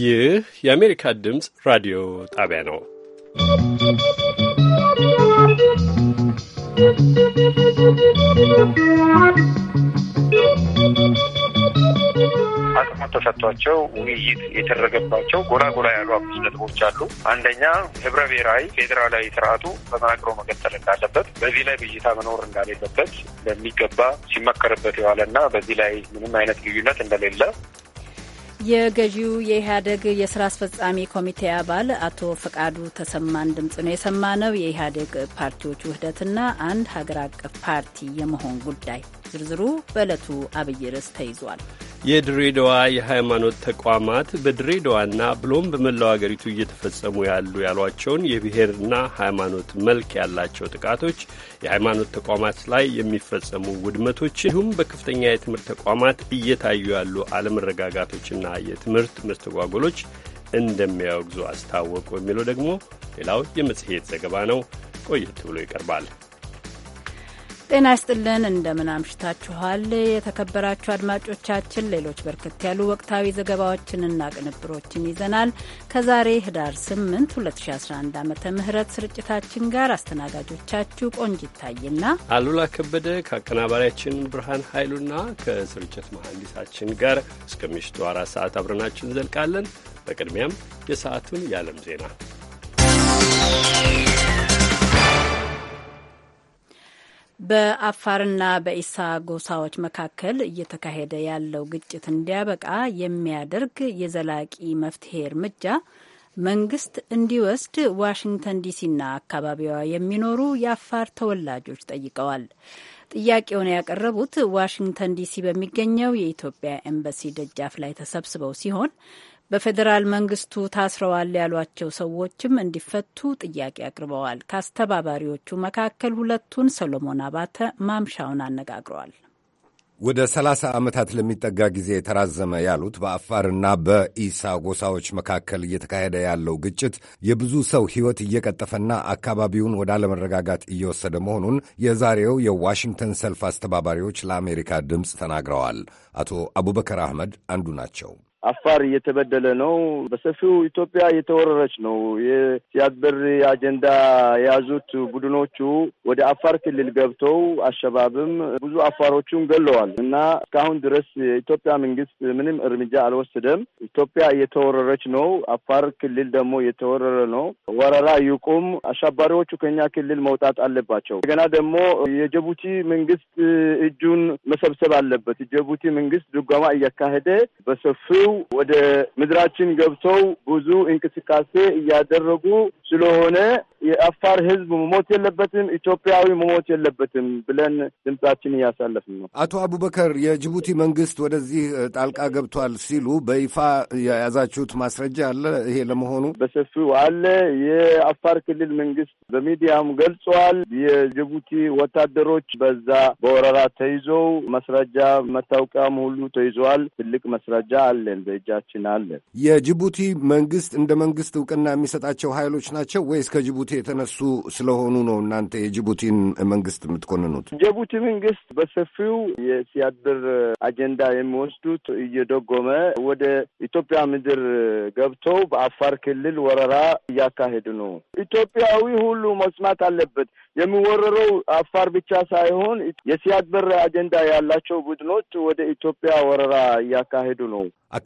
ይህ የአሜሪካ ድምፅ ራዲዮ ጣቢያ ነው። አቅሞች ተሰጥቷቸው ውይይት የተደረገባቸው ጎላ ጎላ ያሉ አምስት ነጥቦች አሉ። አንደኛ ህብረ ብሔራዊ ፌዴራላዊ ስርዓቱ ተጠናክሮ መቀጠል እንዳለበት፣ በዚህ ላይ ብዥታ መኖር እንዳሌለበት በሚገባ ሲመከርበት የዋለና በዚህ ላይ ምንም አይነት ልዩነት እንደሌለ የገዢው የኢህአዴግ የስራ አስፈጻሚ ኮሚቴ አባል አቶ ፈቃዱ ተሰማን ድምጽ ነው የሰማነው። የኢህአዴግ ፓርቲዎች ውህደትና አንድ ሀገር አቀፍ ፓርቲ የመሆን ጉዳይ ዝርዝሩ በዕለቱ አብይ ርዕስ ተይዟል። የድሬዳዋ የሃይማኖት ተቋማት በድሬዳዋና ብሎም በመላው አገሪቱ እየተፈጸሙ ያሉ ያሏቸውን የብሔርና ሃይማኖት መልክ ያላቸው ጥቃቶች፣ የሃይማኖት ተቋማት ላይ የሚፈጸሙ ውድመቶች፣ እንዲሁም በከፍተኛ የትምህርት ተቋማት እየታዩ ያሉ አለመረጋጋቶችና የትምህርት መስተጓጎሎች እንደሚያወግዙ አስታወቁ የሚለው ደግሞ ሌላው የመጽሔት ዘገባ ነው። ቆየት ብሎ ይቀርባል። ጤና ይስጥልን እንደምን አምሽታችኋል የተከበራችሁ አድማጮቻችን። ሌሎች በርከት ያሉ ወቅታዊ ዘገባዎችንና ቅንብሮችን ይዘናል። ከዛሬ ህዳር 8 2011 ዓ ም ስርጭታችን ጋር አስተናጋጆቻችሁ ቆንጅ ይታይና አሉላ ከበደ ከአቀናባሪያችን ብርሃን ኃይሉና ከስርጭት መሐንዲሳችን ጋር እስከ ምሽቱ አራት ሰዓት አብረናችሁ እንዘልቃለን። በቅድሚያም የሰዓቱን የዓለም ዜና በአፋርና በኢሳ ጎሳዎች መካከል እየተካሄደ ያለው ግጭት እንዲያበቃ የሚያደርግ የዘላቂ መፍትሄ እርምጃ መንግስት እንዲወስድ ዋሽንግተን ዲሲና አካባቢዋ የሚኖሩ የአፋር ተወላጆች ጠይቀዋል። ጥያቄውን ያቀረቡት ዋሽንግተን ዲሲ በሚገኘው የኢትዮጵያ ኤምባሲ ደጃፍ ላይ ተሰብስበው ሲሆን በፌዴራል መንግስቱ ታስረዋል ያሏቸው ሰዎችም እንዲፈቱ ጥያቄ አቅርበዋል። ከአስተባባሪዎቹ መካከል ሁለቱን ሰሎሞን አባተ ማምሻውን አነጋግረዋል። ወደ ሰላሳ ዓመታት ለሚጠጋ ጊዜ የተራዘመ ያሉት በአፋርና በኢሳ ጎሳዎች መካከል እየተካሄደ ያለው ግጭት የብዙ ሰው ሕይወት እየቀጠፈና አካባቢውን ወደ አለመረጋጋት እየወሰደ መሆኑን የዛሬው የዋሽንግተን ሰልፍ አስተባባሪዎች ለአሜሪካ ድምፅ ተናግረዋል። አቶ አቡበከር አህመድ አንዱ ናቸው። አፋር እየተበደለ ነው። በሰፊው ኢትዮጵያ እየተወረረች ነው። የሲያድበር አጀንዳ የያዙት ቡድኖቹ ወደ አፋር ክልል ገብተው አሸባብም ብዙ አፋሮቹን ገለዋል እና እስካሁን ድረስ የኢትዮጵያ መንግስት ምንም እርምጃ አልወሰደም። ኢትዮጵያ እየተወረረች ነው። አፋር ክልል ደግሞ እየተወረረ ነው። ወረራ ይቁም። አሸባሪዎቹ ከኛ ክልል መውጣት አለባቸው። እንደገና ደግሞ የጅቡቲ መንግስት እጁን መሰብሰብ አለበት። የጅቡቲ መንግስት ድጎማ እያካሄደ በሰፊው ወደ ምድራችን ገብተው ብዙ እንቅስቃሴ እያደረጉ ስለሆነ የአፋር ህዝብ መሞት የለበትም፣ ኢትዮጵያዊ መሞት የለበትም ብለን ድምጻችን እያሳለፍን ነው። አቶ አቡበከር የጅቡቲ መንግስት ወደዚህ ጣልቃ ገብቷል ሲሉ በይፋ የያዛችሁት ማስረጃ አለ? ይሄ ለመሆኑ በሰፊው አለ። የአፋር ክልል መንግስት በሚዲያም ገልጿል። የጅቡቲ ወታደሮች በዛ በወረራ ተይዘው ማስረጃ መታወቂያም ሁሉ ተይዘዋል። ትልቅ ማስረጃ አለን። በእጃችን አለ። የጅቡቲ መንግስት እንደ መንግስት እውቅና የሚሰጣቸው ኃይሎች ናቸው ወይስ ከጅቡቲ የተነሱ ስለሆኑ ነው እናንተ የጅቡቲን መንግስት የምትኮንኑት? ጅቡቲ መንግስት በሰፊው የሲያድር አጀንዳ የሚወስዱት እየደጎመ ወደ ኢትዮጵያ ምድር ገብተው በአፋር ክልል ወረራ እያካሄዱ ነው። ኢትዮጵያዊ ሁሉ መስማት አለበት። የሚወረረው አፋር ብቻ ሳይሆን የሲያድበር አጀንዳ ያላቸው ቡድኖች ወደ ኢትዮጵያ ወረራ እያካሄዱ ነው።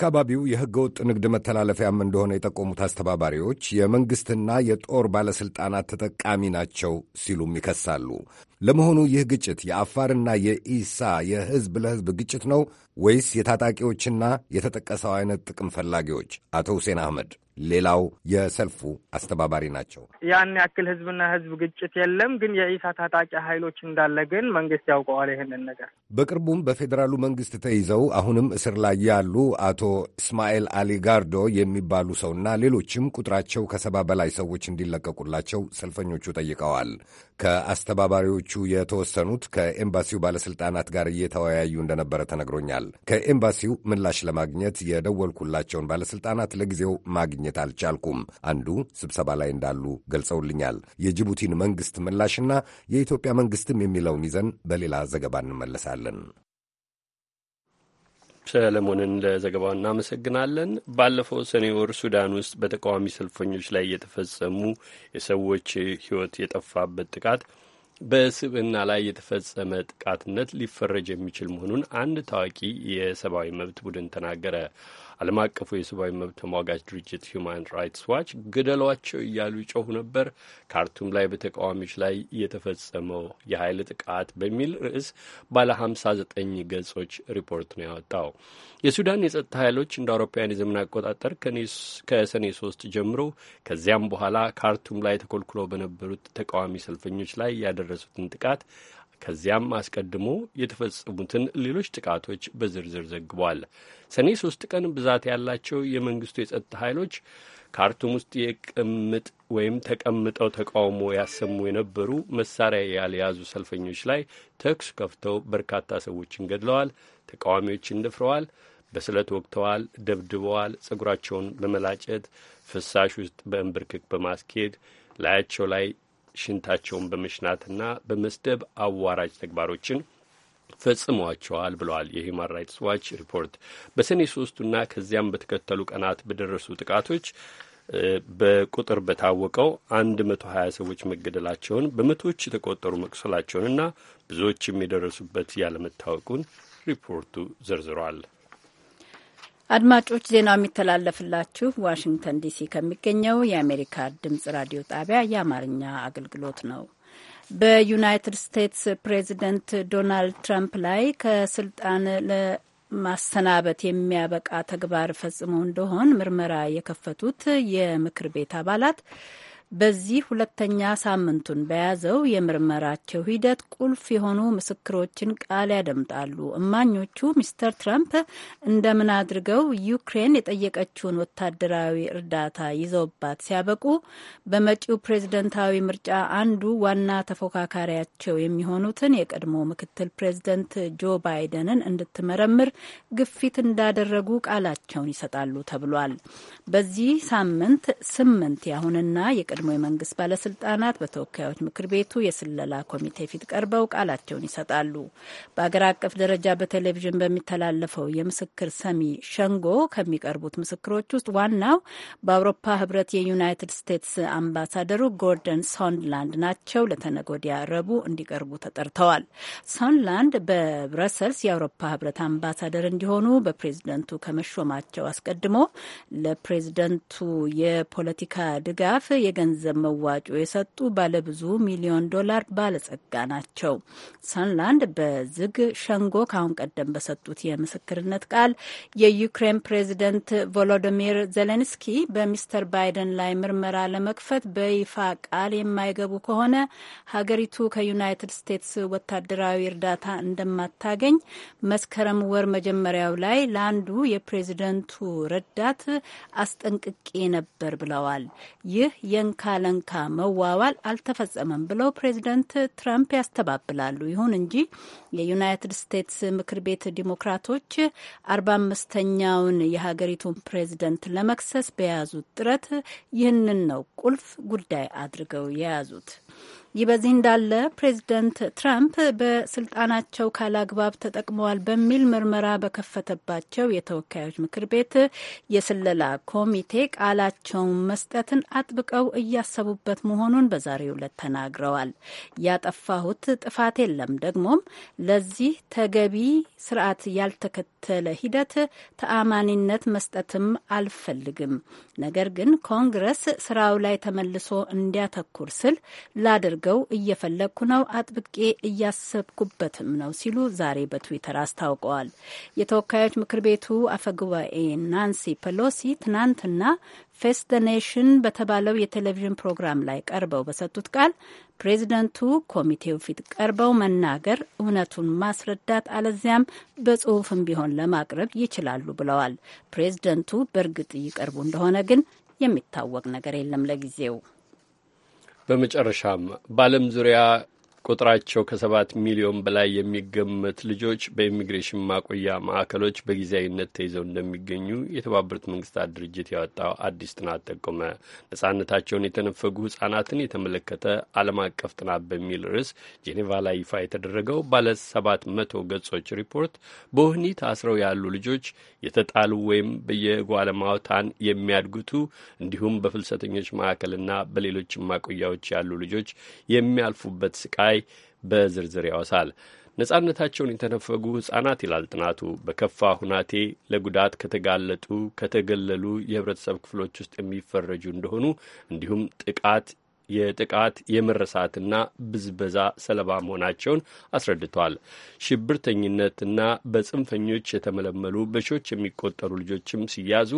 አካባቢው ወጥ ንግድ መተላለፊያም እንደሆነ የጠቆሙት አስተባባሪዎች የመንግሥትና የጦር ባለሥልጣናት ተጠቃሚ ናቸው ሲሉም ይከሳሉ። ለመሆኑ ይህ ግጭት የአፋርና የኢሳ የሕዝብ ለሕዝብ ግጭት ነው ወይስ የታጣቂዎችና የተጠቀሰው አይነት ጥቅም ፈላጊዎች? አቶ ሁሴን አህመድ ሌላው የሰልፉ አስተባባሪ ናቸው። ያን ያክል ህዝብና ህዝብ ግጭት የለም፣ ግን የኢሳ ታጣቂ ኃይሎች እንዳለ ግን መንግስት ያውቀዋል ይህንን ነገር። በቅርቡም በፌዴራሉ መንግስት ተይዘው አሁንም እስር ላይ ያሉ አቶ እስማኤል አሊ ጋርዶ የሚባሉ ሰውና ሌሎችም ቁጥራቸው ከሰባ በላይ ሰዎች እንዲለቀቁላቸው ሰልፈኞቹ ጠይቀዋል። ከአስተባባሪዎቹ የተወሰኑት ከኤምባሲው ባለሥልጣናት ጋር እየተወያዩ እንደነበረ ተነግሮኛል። ከኤምባሲው ምላሽ ለማግኘት የደወልኩላቸውን ባለሥልጣናት ለጊዜው ማግኘት አልቻልኩም። አንዱ ስብሰባ ላይ እንዳሉ ገልጸውልኛል። የጅቡቲን መንግሥት ምላሽና የኢትዮጵያ መንግሥትም የሚለውን ይዘን በሌላ ዘገባ እንመለሳለን። ሰለሞንን ለዘገባው እናመሰግናለን። ባለፈው ሰኔ ወር ሱዳን ውስጥ በተቃዋሚ ሰልፈኞች ላይ የተፈጸሙ የሰዎች ሕይወት የጠፋበት ጥቃት በስብና ላይ የተፈጸመ ጥቃትነት ሊፈረጅ የሚችል መሆኑን አንድ ታዋቂ የሰብአዊ መብት ቡድን ተናገረ። ዓለም አቀፉ የሰብአዊ መብት ተሟጋች ድርጅት ሁማን ራይትስ ዋች ግደሏቸው እያሉ ይጮሁ ነበር። ካርቱም ላይ በተቃዋሚዎች ላይ የተፈጸመው የኃይል ጥቃት በሚል ርዕስ ባለ 59 ገጾች ሪፖርት ነው ያወጣው። የሱዳን የጸጥታ ኃይሎች እንደ አውሮፓውያን የዘመን አቆጣጠር ከሰኔ ሶስት ጀምሮ ከዚያም በኋላ ካርቱም ላይ ተኮልኩለው በነበሩት ተቃዋሚ ሰልፈኞች ላይ ያደረሱትን ጥቃት ከዚያም አስቀድሞ የተፈጸሙትን ሌሎች ጥቃቶች በዝርዝር ዘግቧል። ሰኔ ሶስት ቀን ብዛት ያላቸው የመንግስቱ የጸጥታ ኃይሎች ካርቱም ውስጥ የቅምጥ ወይም ተቀምጠው ተቃውሞ ያሰሙ የነበሩ መሳሪያ ያልያዙ ሰልፈኞች ላይ ተኩስ ከፍተው በርካታ ሰዎችን ገድለዋል፣ ተቃዋሚዎችን ደፍረዋል፣ በስለት ወቅተዋል፣ ደብድበዋል፣ ጸጉራቸውን በመላጨት ፍሳሽ ውስጥ በእንብርክክ በማስኬድ ላያቸው ላይ ሽንታቸውን በመሽናትና በመስደብ አዋራጅ ተግባሮችን ፈጽሟቸዋል ብለዋል የሂማን ራይትስ ዋች ሪፖርት። በሰኔ ሶስቱና ከዚያም በተከተሉ ቀናት በደረሱ ጥቃቶች በቁጥር በታወቀው 120 ሰዎች መገደላቸውን በመቶዎች የተቆጠሩ መቁሰላቸውንና ብዙዎችም የደረሱበት ያለመታወቁን ሪፖርቱ ዘርዝሯል። አድማጮች ዜናው የሚተላለፍላችሁ ዋሽንግተን ዲሲ ከሚገኘው የአሜሪካ ድምጽ ራዲዮ ጣቢያ የአማርኛ አገልግሎት ነው። በዩናይትድ ስቴትስ ፕሬዚደንት ዶናልድ ትራምፕ ላይ ከስልጣን ለማሰናበት የሚያበቃ ተግባር ፈጽሞ እንደሆን ምርመራ የከፈቱት የምክር ቤት አባላት በዚህ ሁለተኛ ሳምንቱን በያዘው የምርመራቸው ሂደት ቁልፍ የሆኑ ምስክሮችን ቃል ያደምጣሉ። እማኞቹ ሚስተር ትራምፕ እንደምን አድርገው ዩክሬን የጠየቀችውን ወታደራዊ እርዳታ ይዘውባት ሲያበቁ በመጪው ፕሬዝደንታዊ ምርጫ አንዱ ዋና ተፎካካሪያቸው የሚሆኑትን የቀድሞ ምክትል ፕሬዝደንት ጆ ባይደንን እንድትመረምር ግፊት እንዳደረጉ ቃላቸውን ይሰጣሉ ተብሏል። በዚህ ሳምንት ስምንት የአሁንና የቀድሞ የመንግስት ባለስልጣናት በተወካዮች ምክር ቤቱ የስለላ ኮሚቴ ፊት ቀርበው ቃላቸውን ይሰጣሉ። በአገር አቀፍ ደረጃ በቴሌቪዥን በሚተላለፈው የምስክር ሰሚ ሸንጎ ከሚቀርቡት ምስክሮች ውስጥ ዋናው በአውሮፓ ህብረት የዩናይትድ ስቴትስ አምባሳደሩ ጎርደን ሶንድላንድ ናቸው። ለተነጎዲያ ረቡዕ እንዲቀርቡ ተጠርተዋል። ሶንድላንድ በብረሰልስ የአውሮፓ ህብረት አምባሳደር እንዲሆኑ በፕሬዝደንቱ ከመሾማቸው አስቀድሞ ለፕሬዝደንቱ የፖለቲካ ድጋፍ የገ የገንዘብ መዋጮ የሰጡ ባለብዙ ሚሊዮን ዶላር ባለጸጋ ናቸው። ሰንላንድ በዝግ ሸንጎ ካሁን ቀደም በሰጡት የምስክርነት ቃል የዩክሬን ፕሬዚደንት ቮሎዲሚር ዜሌንስኪ በሚስተር ባይደን ላይ ምርመራ ለመክፈት በይፋ ቃል የማይገቡ ከሆነ ሀገሪቱ ከዩናይትድ ስቴትስ ወታደራዊ እርዳታ እንደማታገኝ መስከረም ወር መጀመሪያው ላይ ለአንዱ የፕሬዚደንቱ ረዳት አስጠንቅቄ ነበር ብለዋል። ይህ ካለንካ መዋዋል አልተፈጸመም ብለው ፕሬዚደንት ትራምፕ ያስተባብላሉ። ይሁን እንጂ የዩናይትድ ስቴትስ ምክር ቤት ዲሞክራቶች አርባ አምስተኛውን የሀገሪቱን ፕሬዚደንት ለመክሰስ በያዙት ጥረት ይህንን ነው ቁልፍ ጉዳይ አድርገው የያዙት። ይህ በዚህ እንዳለ ፕሬዚደንት ትራምፕ በስልጣናቸው ካላግባብ ተጠቅመዋል በሚል ምርመራ በከፈተባቸው የተወካዮች ምክር ቤት የስለላ ኮሚቴ ቃላቸውን መስጠትን አጥብቀው እያሰቡበት መሆኑን በዛሬው ዕለት ተናግረዋል። ያጠፋሁት ጥፋት የለም፣ ደግሞም ለዚህ ተገቢ ስርዓት ያልተከተለ ሂደት ተአማኒነት መስጠትም አልፈልግም። ነገር ግን ኮንግረስ ስራው ላይ ተመልሶ እንዲያተኩር ስል ላድርግ እንዳደርገው እየፈለግኩ ነው፣ አጥብቄ እያሰብኩበትም ነው ሲሉ ዛሬ በትዊተር አስታውቀዋል። የተወካዮች ምክር ቤቱ አፈጉባኤ ናንሲ ፐሎሲ ትናንትና ፌስ ደ ኔሽን በተባለው የቴሌቪዥን ፕሮግራም ላይ ቀርበው በሰጡት ቃል ፕሬዚደንቱ ኮሚቴው ፊት ቀርበው መናገር፣ እውነቱን ማስረዳት አለዚያም በጽሁፍም ቢሆን ለማቅረብ ይችላሉ ብለዋል። ፕሬዚደንቱ በእርግጥ ይቀርቡ እንደሆነ ግን የሚታወቅ ነገር የለም ለጊዜው። በመጨረሻም በዓለም ዙሪያ ቁጥራቸው ከሰባት ሚሊዮን በላይ የሚገመት ልጆች በኢሚግሬሽን ማቆያ ማዕከሎች በጊዜያዊነት ተይዘው እንደሚገኙ የተባበሩት መንግስታት ድርጅት ያወጣው አዲስ ጥናት ጠቆመ። ነጻነታቸውን የተነፈጉ ህጻናትን የተመለከተ ዓለም አቀፍ ጥናት በሚል ርዕስ ጄኔቫ ላይ ይፋ የተደረገው ባለ ሰባት መቶ ገጾች ሪፖርት በወህኒ ታስረው ያሉ ልጆች የተጣሉ ወይም በየጓለማውታን የሚያድጉቱ እንዲሁም በፍልሰተኞች ማዕከልና በሌሎች ማቆያዎች ያሉ ልጆች የሚያልፉበት ስቃይ ላይ በዝርዝር ያወሳል። ነጻነታቸውን የተነፈጉ ህጻናት ይላል ጥናቱ፣ በከፋ ሁናቴ ለጉዳት ከተጋለጡ ከተገለሉ የህብረተሰብ ክፍሎች ውስጥ የሚፈረጁ እንደሆኑ እንዲሁም ጥቃት የጥቃት የመረሳትና ብዝበዛ ሰለባ መሆናቸውን አስረድተዋል። ሽብርተኝነትና በጽንፈኞች የተመለመሉ በሺዎች የሚቆጠሩ ልጆችም ሲያዙ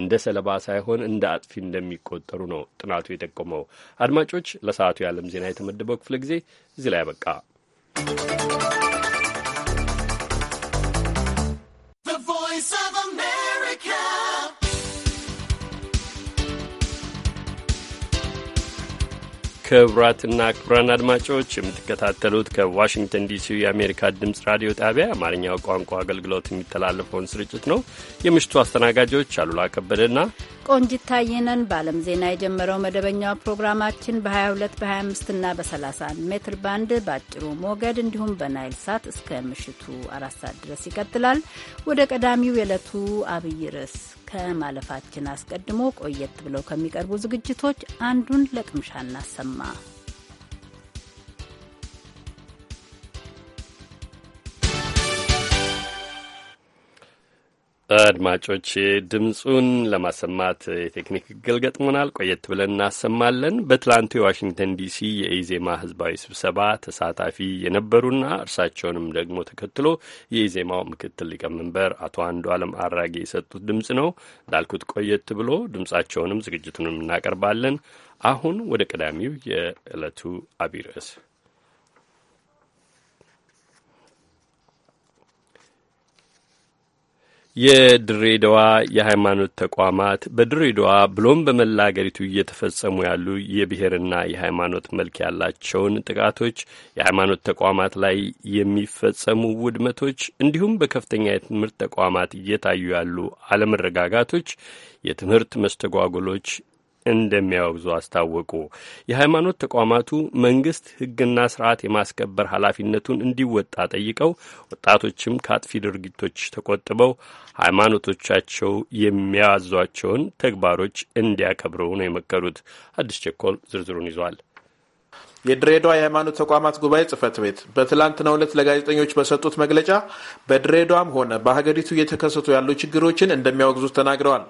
እንደ ሰለባ ሳይሆን እንደ አጥፊ እንደሚቆጠሩ ነው ጥናቱ የጠቆመው። አድማጮች፣ ለሰዓቱ የዓለም ዜና የተመደበው ክፍለ ጊዜ እዚህ ላይ አበቃ። ክቡራትና ክቡራን አድማጮች የምትከታተሉት ከዋሽንግተን ዲሲ የአሜሪካ ድምፅ ራዲዮ ጣቢያ የአማርኛው ቋንቋ አገልግሎት የሚተላለፈውን ስርጭት ነው። የምሽቱ አስተናጋጆች አሉላ ከበደና ቆንጂት ታየነን በዓለም ዜና የጀመረው መደበኛው ፕሮግራማችን በ22 በ25 እና በ31 ሜትር ባንድ በአጭሩ ሞገድ እንዲሁም በናይል ሳት እስከ ምሽቱ አራት ሰዓት ድረስ ይቀጥላል። ወደ ቀዳሚው የዕለቱ አብይ ርዕስ ከማለፋችን አስቀድሞ ቆየት ብለው ከሚቀርቡ ዝግጅቶች አንዱን ለቅምሻ እናሰማ። አድማጮች ድምፁን ለማሰማት የቴክኒክ እክል ገጥሞናል። ቆየት ብለን እናሰማለን። በትላንቱ የዋሽንግተን ዲሲ የኢዜማ ህዝባዊ ስብሰባ ተሳታፊ የነበሩና እርሳቸውንም ደግሞ ተከትሎ የኢዜማው ምክትል ሊቀመንበር አቶ አለም አራጌ የሰጡት ድምፅ ነው እንዳልኩት ቆየት ብሎ ድምፃቸውንም ዝግጅቱንም እናቀርባለን። አሁን ወደ ቀዳሚው የዕለቱ አቢይ ርዕስ የድሬዳዋ የሃይማኖት ተቋማት በድሬዳዋ ብሎም በመላ አገሪቱ እየተፈጸሙ ያሉ የብሔርና የሃይማኖት መልክ ያላቸውን ጥቃቶች፣ የሃይማኖት ተቋማት ላይ የሚፈጸሙ ውድመቶች፣ እንዲሁም በከፍተኛ የትምህርት ተቋማት እየታዩ ያሉ አለመረጋጋቶች፣ የትምህርት መስተጓጎሎች እንደሚያወግዙ አስታወቁ። የሃይማኖት ተቋማቱ መንግስት ህግና ስርዓት የማስከበር ኃላፊነቱን እንዲወጣ ጠይቀው ወጣቶችም ከአጥፊ ድርጊቶች ተቆጥበው ሃይማኖቶቻቸው የሚያዟቸውን ተግባሮች እንዲያከብሩ ነው የመከሩት። አዲስ ቸኮል ዝርዝሩን ይዟል። የድሬዳዋ የሃይማኖት ተቋማት ጉባኤ ጽህፈት ቤት በትላንትናው ዕለት ለጋዜጠኞች በሰጡት መግለጫ በድሬዳዋም ሆነ በሀገሪቱ እየተከሰቱ ያሉ ችግሮችን እንደሚያወግዙት ተናግረዋል።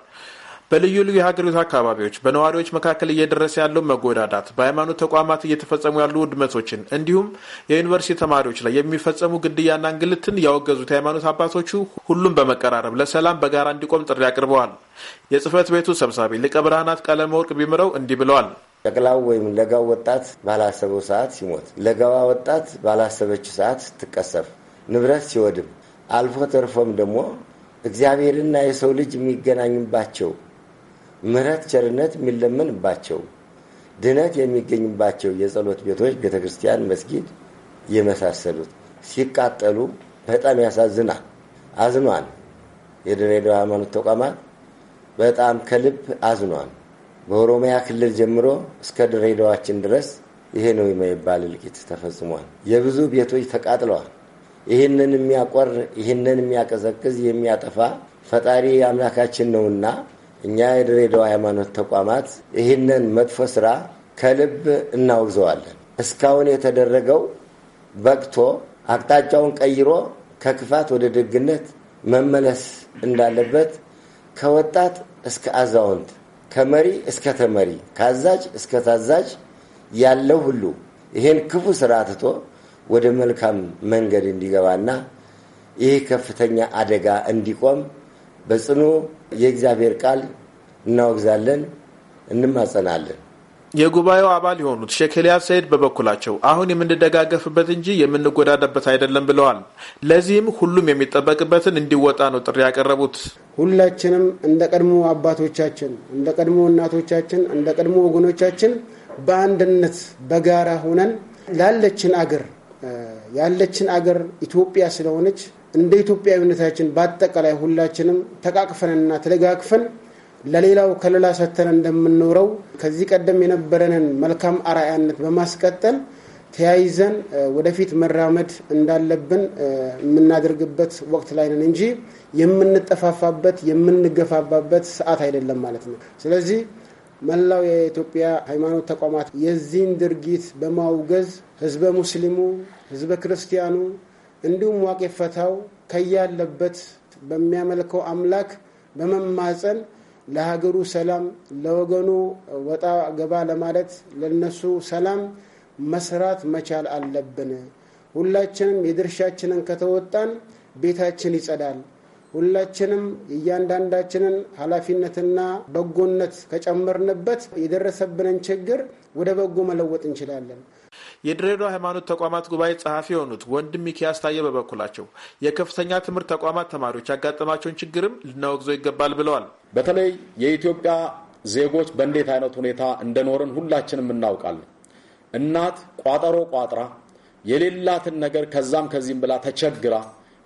በልዩ ልዩ የሀገሪቱ አካባቢዎች በነዋሪዎች መካከል እየደረሰ ያለው መጎዳዳት፣ በሃይማኖት ተቋማት እየተፈጸሙ ያሉ ውድመቶችን እንዲሁም የዩኒቨርሲቲ ተማሪዎች ላይ የሚፈጸሙ ግድያና እንግልትን ያወገዙት የሃይማኖት አባቶቹ ሁሉም በመቀራረብ ለሰላም በጋራ እንዲቆም ጥሪ አቅርበዋል። የጽህፈት ቤቱ ሰብሳቢ ሊቀ ብርሃናት ቀለመ ወርቅ ቢምረው እንዲህ ብለዋል። ጨቅላው ወይም ለጋው ወጣት ባላሰበው ሰዓት ሲሞት፣ ለጋዋ ወጣት ባላሰበችው ሰዓት ትቀሰፍ፣ ንብረት ሲወድም፣ አልፎ ተርፎም ደግሞ እግዚአብሔርና የሰው ልጅ የሚገናኝባቸው። ምሕረት፣ ቸርነት የሚለመንባቸው ድነት የሚገኝባቸው የጸሎት ቤቶች ቤተ ክርስቲያን፣ መስጊድ የመሳሰሉት ሲቃጠሉ በጣም ያሳዝናል። አዝኗል። የድሬዳዋ ሃይማኖት ተቋማት በጣም ከልብ አዝኗል። በኦሮሚያ ክልል ጀምሮ እስከ ድሬዳዋችን ድረስ ይሄ ነው የማይባል እልቂት ተፈጽሟል። የብዙ ቤቶች ተቃጥለዋል። ይህንን የሚያቆር ይህንን የሚያቀዘቅዝ የሚያጠፋ ፈጣሪ አምላካችን ነውና እኛ የድሬዳዋ ሃይማኖት ተቋማት ይህንን መጥፎ ስራ ከልብ እናወግዘዋለን። እስካሁን የተደረገው በቅቶ አቅጣጫውን ቀይሮ ከክፋት ወደ ደግነት መመለስ እንዳለበት ከወጣት እስከ አዛውንት፣ ከመሪ እስከ ተመሪ፣ ከአዛዥ እስከ ታዛዥ ያለው ሁሉ ይህን ክፉ ስራ ትቶ ወደ መልካም መንገድ እንዲገባና ይህ ከፍተኛ አደጋ እንዲቆም በጽኑ የእግዚአብሔር ቃል እናወግዛለን፣ እንማጸናለን። የጉባኤው አባል የሆኑት ሼክ ሰይድ በበኩላቸው አሁን የምንደጋገፍበት እንጂ የምንጎዳደበት አይደለም ብለዋል። ለዚህም ሁሉም የሚጠበቅበትን እንዲወጣ ነው ጥሪ ያቀረቡት። ሁላችንም እንደ ቀድሞ አባቶቻችን፣ እንደ ቀድሞ እናቶቻችን፣ እንደ ቀድሞ ወገኖቻችን በአንድነት በጋራ ሆነን ላለችን አገር ያለችን አገር ኢትዮጵያ ስለሆነች እንደ ኢትዮጵያዊነታችን በአጠቃላይ ሁላችንም ተቃቅፈንና ተደጋግፈን ለሌላው ከለላ ሰጥተን እንደምንኖረው ከዚህ ቀደም የነበረንን መልካም አርአያነት በማስቀጠል ተያይዘን ወደፊት መራመድ እንዳለብን የምናደርግበት ወቅት ላይ ነን እንጂ የምንጠፋፋበት የምንገፋባበት ሰዓት አይደለም ማለት ነው። ስለዚህ መላው የኢትዮጵያ ሃይማኖት ተቋማት የዚህን ድርጊት በማውገዝ ህዝበ ሙስሊሙ፣ ህዝበ ክርስቲያኑ እንዲሁም ዋቄ ፈታው ከያለበት በሚያመልከው አምላክ በመማፀን ለሀገሩ ሰላም ለወገኑ ወጣ ገባ ለማለት ለነሱ ሰላም መስራት መቻል አለብን። ሁላችንም የድርሻችንን ከተወጣን ቤታችን ይጸዳል። ሁላችንም እያንዳንዳችንን ኃላፊነትና በጎነት ከጨመርንበት የደረሰብንን ችግር ወደ በጎ መለወጥ እንችላለን። የድሬዳዋ ሃይማኖት ተቋማት ጉባኤ ጸሐፊ የሆኑት ወንድም ሚኪያስ ታየ በበኩላቸው የከፍተኛ ትምህርት ተቋማት ተማሪዎች ያጋጠማቸውን ችግርም ልናወግዞ ይገባል ብለዋል። በተለይ የኢትዮጵያ ዜጎች በእንዴት አይነት ሁኔታ እንደኖርን ሁላችንም እናውቃለን። እናት ቋጠሮ ቋጥራ የሌላትን ነገር ከዛም ከዚህም ብላ ተቸግራ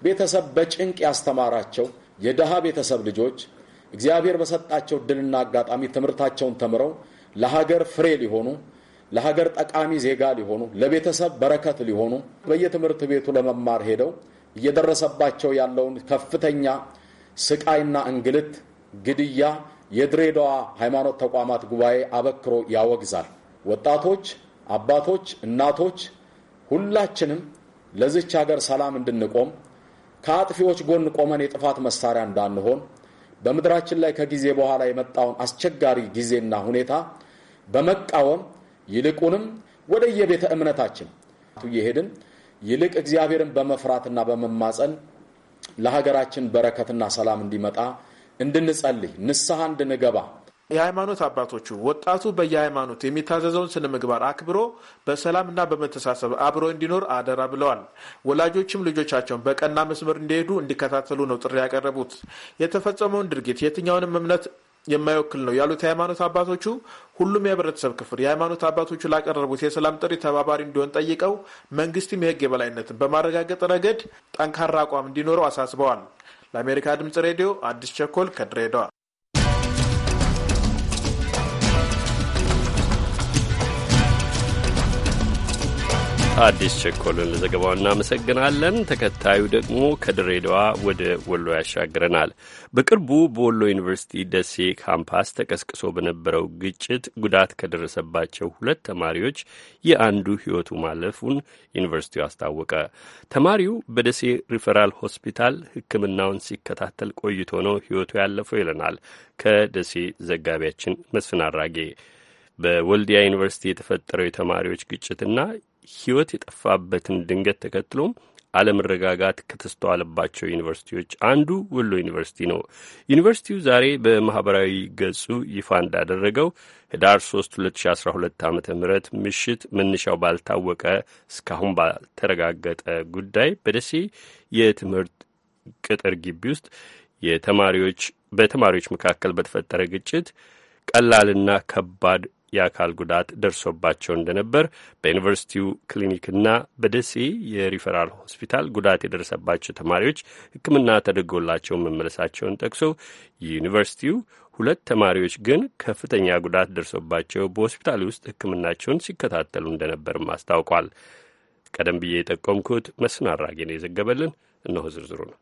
ቤተሰብ በጭንቅ ያስተማራቸው የድሃ ቤተሰብ ልጆች እግዚአብሔር በሰጣቸው እድልና አጋጣሚ ትምህርታቸውን ተምረው ለሀገር ፍሬ ሊሆኑ ለሀገር ጠቃሚ ዜጋ ሊሆኑ፣ ለቤተሰብ በረከት ሊሆኑ በየትምህርት ቤቱ ለመማር ሄደው እየደረሰባቸው ያለውን ከፍተኛ ስቃይና እንግልት፣ ግድያ የድሬዳዋ ሃይማኖት ተቋማት ጉባኤ አበክሮ ያወግዛል። ወጣቶች፣ አባቶች፣ እናቶች ሁላችንም ለዚች ሀገር ሰላም እንድንቆም ከአጥፊዎች ጎን ቆመን የጥፋት መሳሪያ እንዳንሆን በምድራችን ላይ ከጊዜ በኋላ የመጣውን አስቸጋሪ ጊዜና ሁኔታ በመቃወም ይልቁንም ወደ የቤተ እምነታችን እየሄድን ይልቅ እግዚአብሔርን በመፍራትና በመማፀን ለሀገራችን በረከትና ሰላም እንዲመጣ እንድንጸልይ ንስሐ እንድንገባ የሃይማኖት አባቶቹ ወጣቱ በየሃይማኖት የሚታዘዘውን ስነ ምግባር አክብሮ በሰላምና በመተሳሰብ አብሮ እንዲኖር አደራ ብለዋል። ወላጆችም ልጆቻቸውን በቀና መስመር እንዲሄዱ እንዲከታተሉ ነው ጥሪ ያቀረቡት። የተፈጸመውን ድርጊት የትኛውንም እምነት የማይወክል ነው ያሉት የሃይማኖት አባቶቹ ሁሉም የህብረተሰብ ክፍል የሃይማኖት አባቶቹ ላቀረቡት የሰላም ጥሪ ተባባሪ እንዲሆን ጠይቀው መንግስትም የህግ የበላይነትን በማረጋገጥ ረገድ ጠንካራ አቋም እንዲኖረው አሳስበዋል። ለአሜሪካ ድምጽ ሬዲዮ አዲስ ቸኮል ከድሬዳዋ አዲስ ቸኮልን ለዘገባው እናመሰግናለን። ተከታዩ ደግሞ ከድሬዳዋ ወደ ወሎ ያሻግረናል። በቅርቡ በወሎ ዩኒቨርሲቲ ደሴ ካምፓስ ተቀስቅሶ በነበረው ግጭት ጉዳት ከደረሰባቸው ሁለት ተማሪዎች የአንዱ ሕይወቱ ማለፉን ዩኒቨርሲቲው አስታወቀ። ተማሪው በደሴ ሪፈራል ሆስፒታል ሕክምናውን ሲከታተል ቆይቶ ነው ሕይወቱ ያለፈው ይለናል ከደሴ ዘጋቢያችን መስፍን አራጌ በወልዲያ ዩኒቨርሲቲ የተፈጠረው የተማሪዎች ግጭትና ሕይወት የጠፋበትን ድንገት ተከትሎም አለመረጋጋት ከተስተዋለባቸው ዩኒቨርሲቲዎች አንዱ ወሎ ዩኒቨርሲቲ ነው። ዩኒቨርሲቲው ዛሬ በማኅበራዊ ገጹ ይፋ እንዳደረገው ህዳር 3 2012 ዓ ም ምሽት መነሻው ባልታወቀ እስካሁን ባልተረጋገጠ ጉዳይ በደሴ የትምህርት ቅጥር ግቢ ውስጥ የተማሪዎች በተማሪዎች መካከል በተፈጠረ ግጭት ቀላልና ከባድ የአካል ጉዳት ደርሶባቸው እንደነበር በዩኒቨርሲቲው ክሊኒክና በደሴ የሪፈራል ሆስፒታል ጉዳት የደረሰባቸው ተማሪዎች ሕክምና ተደርጎላቸው መመለሳቸውን ጠቅሶ ዩኒቨርሲቲው ሁለት ተማሪዎች ግን ከፍተኛ ጉዳት ደርሶባቸው በሆስፒታል ውስጥ ሕክምናቸውን ሲከታተሉ እንደነበርም አስታውቋል። ቀደም ብዬ የጠቆምኩት መስፍን አራጌ ነው የዘገበልን። እነሆ ዝርዝሩ ነው።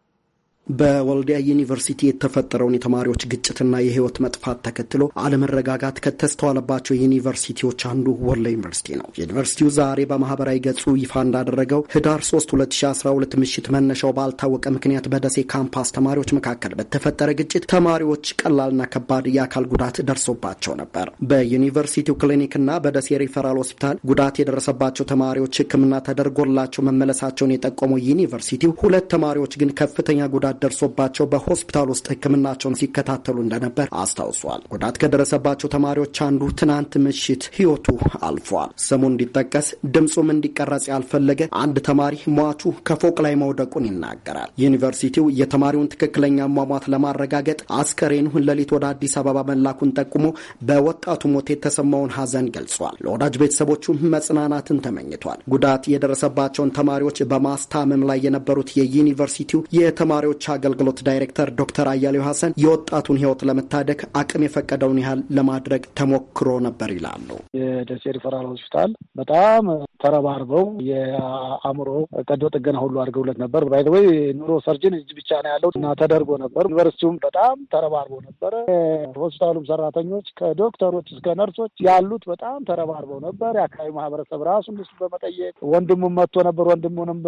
በወልዲያ ዩኒቨርሲቲ የተፈጠረውን የተማሪዎች ግጭትና የህይወት መጥፋት ተከትሎ አለመረጋጋት ከተስተዋለባቸው ዩኒቨርሲቲዎች አንዱ ወሎ ዩኒቨርሲቲ ነው። ዩኒቨርሲቲው ዛሬ በማህበራዊ ገጹ ይፋ እንዳደረገው ህዳር 3 2012 ምሽት መነሻው ባልታወቀ ምክንያት በደሴ ካምፓስ ተማሪዎች መካከል በተፈጠረ ግጭት ተማሪዎች ቀላልና ከባድ የአካል ጉዳት ደርሶባቸው ነበር። በዩኒቨርሲቲው ክሊኒክና በደሴ ሪፈራል ሆስፒታል ጉዳት የደረሰባቸው ተማሪዎች ህክምና ተደርጎላቸው መመለሳቸውን የጠቆመው ዩኒቨርሲቲው ሁለት ተማሪዎች ግን ከፍተኛ ጉዳት ጉዳት ደርሶባቸው በሆስፒታል ውስጥ ሕክምናቸውን ሲከታተሉ እንደነበር አስታውሷል። ጉዳት ከደረሰባቸው ተማሪዎች አንዱ ትናንት ምሽት ሕይወቱ አልፏል። ስሙ እንዲጠቀስ ድምፁም እንዲቀረጽ ያልፈለገ አንድ ተማሪ ሟቹ ከፎቅ ላይ መውደቁን ይናገራል። ዩኒቨርሲቲው የተማሪውን ትክክለኛ ሟሟት ለማረጋገጥ አስከሬኑ ሌሊት ወደ አዲስ አበባ መላኩን ጠቁሞ በወጣቱ ሞት የተሰማውን ሀዘን ገልጿል። ለወዳጅ ቤተሰቦቹ መጽናናትን ተመኝቷል። ጉዳት የደረሰባቸውን ተማሪዎች በማስታመም ላይ የነበሩት የዩኒቨርሲቲው የተማሪዎች የሴቶች አገልግሎት ዳይሬክተር ዶክተር አያሌው ሀሰን የወጣቱን ህይወት ለመታደግ አቅም የፈቀደውን ያህል ለማድረግ ተሞክሮ ነበር ይላሉ። የደሴ ሪፈራል ሆስፒታል በጣም ተረባርበው የአእምሮ ቀዶ ጥገና ሁሉ አድርገውለት ነበር። ባይዘወይ ኑሮ ሰርጅን እጅ ብቻ ነው ያለው እና ተደርጎ ነበር። ዩኒቨርሲቲውም በጣም ተረባርቦ ነበረ። ሆስፒታሉም ሰራተኞች ከዶክተሮች እስከ ነርሶች ያሉት በጣም ተረባርበው ነበር። የአካባቢ ማህበረሰብ ራሱ እንደሱ በመጠየቅ ወንድሙም መጥቶ ነበር። ወንድሙንም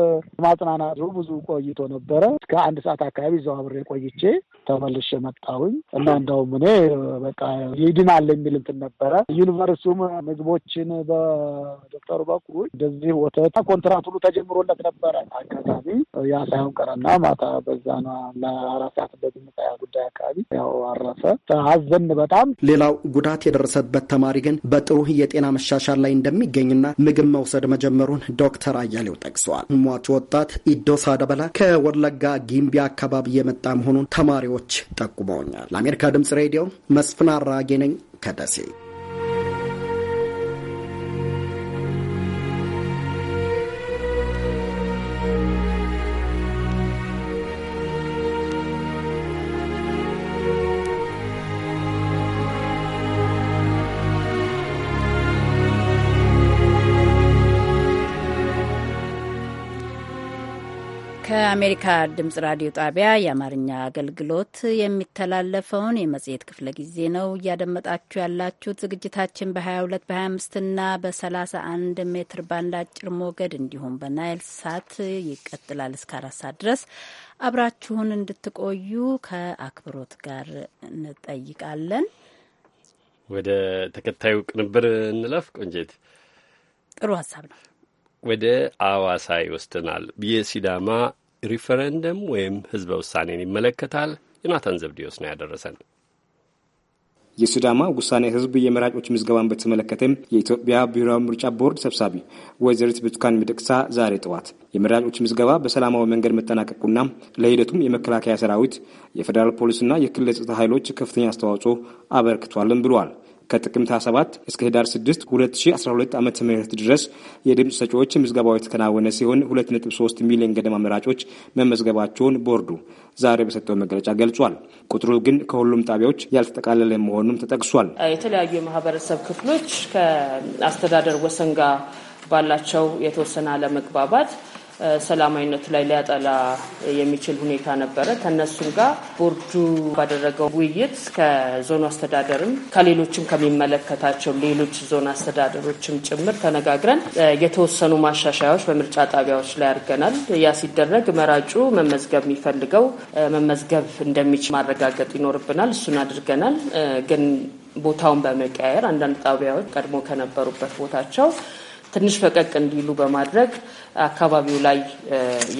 ማጽናናት ብዙ ቆይቶ ነበረ። እስከ አንድ ሰዓት አካባቢ እዛው አብሬ ቆይቼ ተመልሼ መጣሁኝ እና እንደውም እኔ በቃ ይድናል የሚል እንትን ነበረ። ዩኒቨርሲቲውም ምግቦችን በዶክተሩ በኩል እንደዚህ ወተት ኮንትራት ሁሉ ተጀምሮለት ነበረ። አጋጣሚ ያ ሳይሆን ቀረና ማታ በዛ ለአራት ሰዓት ጉዳይ አካባቢ ያው አረፈ። አዘን በጣም ሌላው ጉዳት የደረሰበት ተማሪ ግን በጥሩ የጤና መሻሻል ላይ እንደሚገኝና ምግብ መውሰድ መጀመሩን ዶክተር አያሌው ጠቅሰዋል። ሟቹ ወጣት ኢዶሳ ደበላ ከወለጋ ጊምቢ አካባቢ የመጣ መሆኑን ተማሪዎች ጠቁመውኛል። ለአሜሪካ ድምጽ ሬዲዮ መስፍን አራጌ ነኝ ከደሴ ከአሜሪካ ድምጽ ራዲዮ ጣቢያ የአማርኛ አገልግሎት የሚተላለፈውን የመጽሔት ክፍለ ጊዜ ነው እያደመጣችሁ ያላችሁት። ዝግጅታችን በ22 በ25 እና በ31 ሜትር ባንድ አጭር ሞገድ እንዲሁም በናይል ሳት ይቀጥላል እስከ አራት ሰዓት ድረስ አብራችሁን እንድትቆዩ ከአክብሮት ጋር እንጠይቃለን። ወደ ተከታዩ ቅንብር እንለፍ። ቆንጀት፣ ጥሩ ሀሳብ ነው። ወደ አዋሳ ይወስደናል። የሲዳማ ሪፈረንደም ወይም ህዝበ ውሳኔን ይመለከታል። ዮናታን ዘብዲዮስ ነው ያደረሰን። የሱዳማ ውሳኔ ህዝብ የመራጮች ምዝገባን በተመለከተም የኢትዮጵያ ብሔራዊ ምርጫ ቦርድ ሰብሳቢ ወይዘሪት ብርቱካን ሚደቅሳ ዛሬ ጠዋት የመራጮች ምዝገባ በሰላማዊ መንገድ መጠናቀቁና ለሂደቱም የመከላከያ ሰራዊት፣ የፌዴራል ፖሊስና የክልል ጸጥታ ኃይሎች ከፍተኛ አስተዋጽኦ አበርክቷልን ብለዋል። ከጥቅምት 7 እስከ ህዳር 6 2012 ዓ ም ድረስ የድምፅ ሰጪዎች ምዝገባው የተከናወነ ሲሆን 2.3 ሚሊዮን ገደማ መራጮች መመዝገባቸውን ቦርዱ ዛሬ በሰጠው መግለጫ ገልጿል። ቁጥሩ ግን ከሁሉም ጣቢያዎች ያልተጠቃለለ መሆኑም ተጠቅሷል። የተለያዩ የማህበረሰብ ክፍሎች ከአስተዳደር ወሰን ጋር ባላቸው የተወሰነ አለመግባባት ሰላማዊነቱ ላይ ሊያጠላ የሚችል ሁኔታ ነበረ። ከነሱም ጋር ቦርዱ ባደረገው ውይይት ከዞኑ አስተዳደርም ከሌሎችም ከሚመለከታቸው ሌሎች ዞን አስተዳደሮችም ጭምር ተነጋግረን የተወሰኑ ማሻሻያዎች በምርጫ ጣቢያዎች ላይ አድርገናል። ያ ሲደረግ መራጩ መመዝገብ የሚፈልገው መመዝገብ እንደሚችል ማረጋገጥ ይኖርብናል። እሱን አድርገናል። ግን ቦታውን በመቀያየር አንዳንድ ጣቢያዎች ቀድሞ ከነበሩበት ቦታቸው ትንሽ ፈቀቅ እንዲሉ በማድረግ አካባቢው ላይ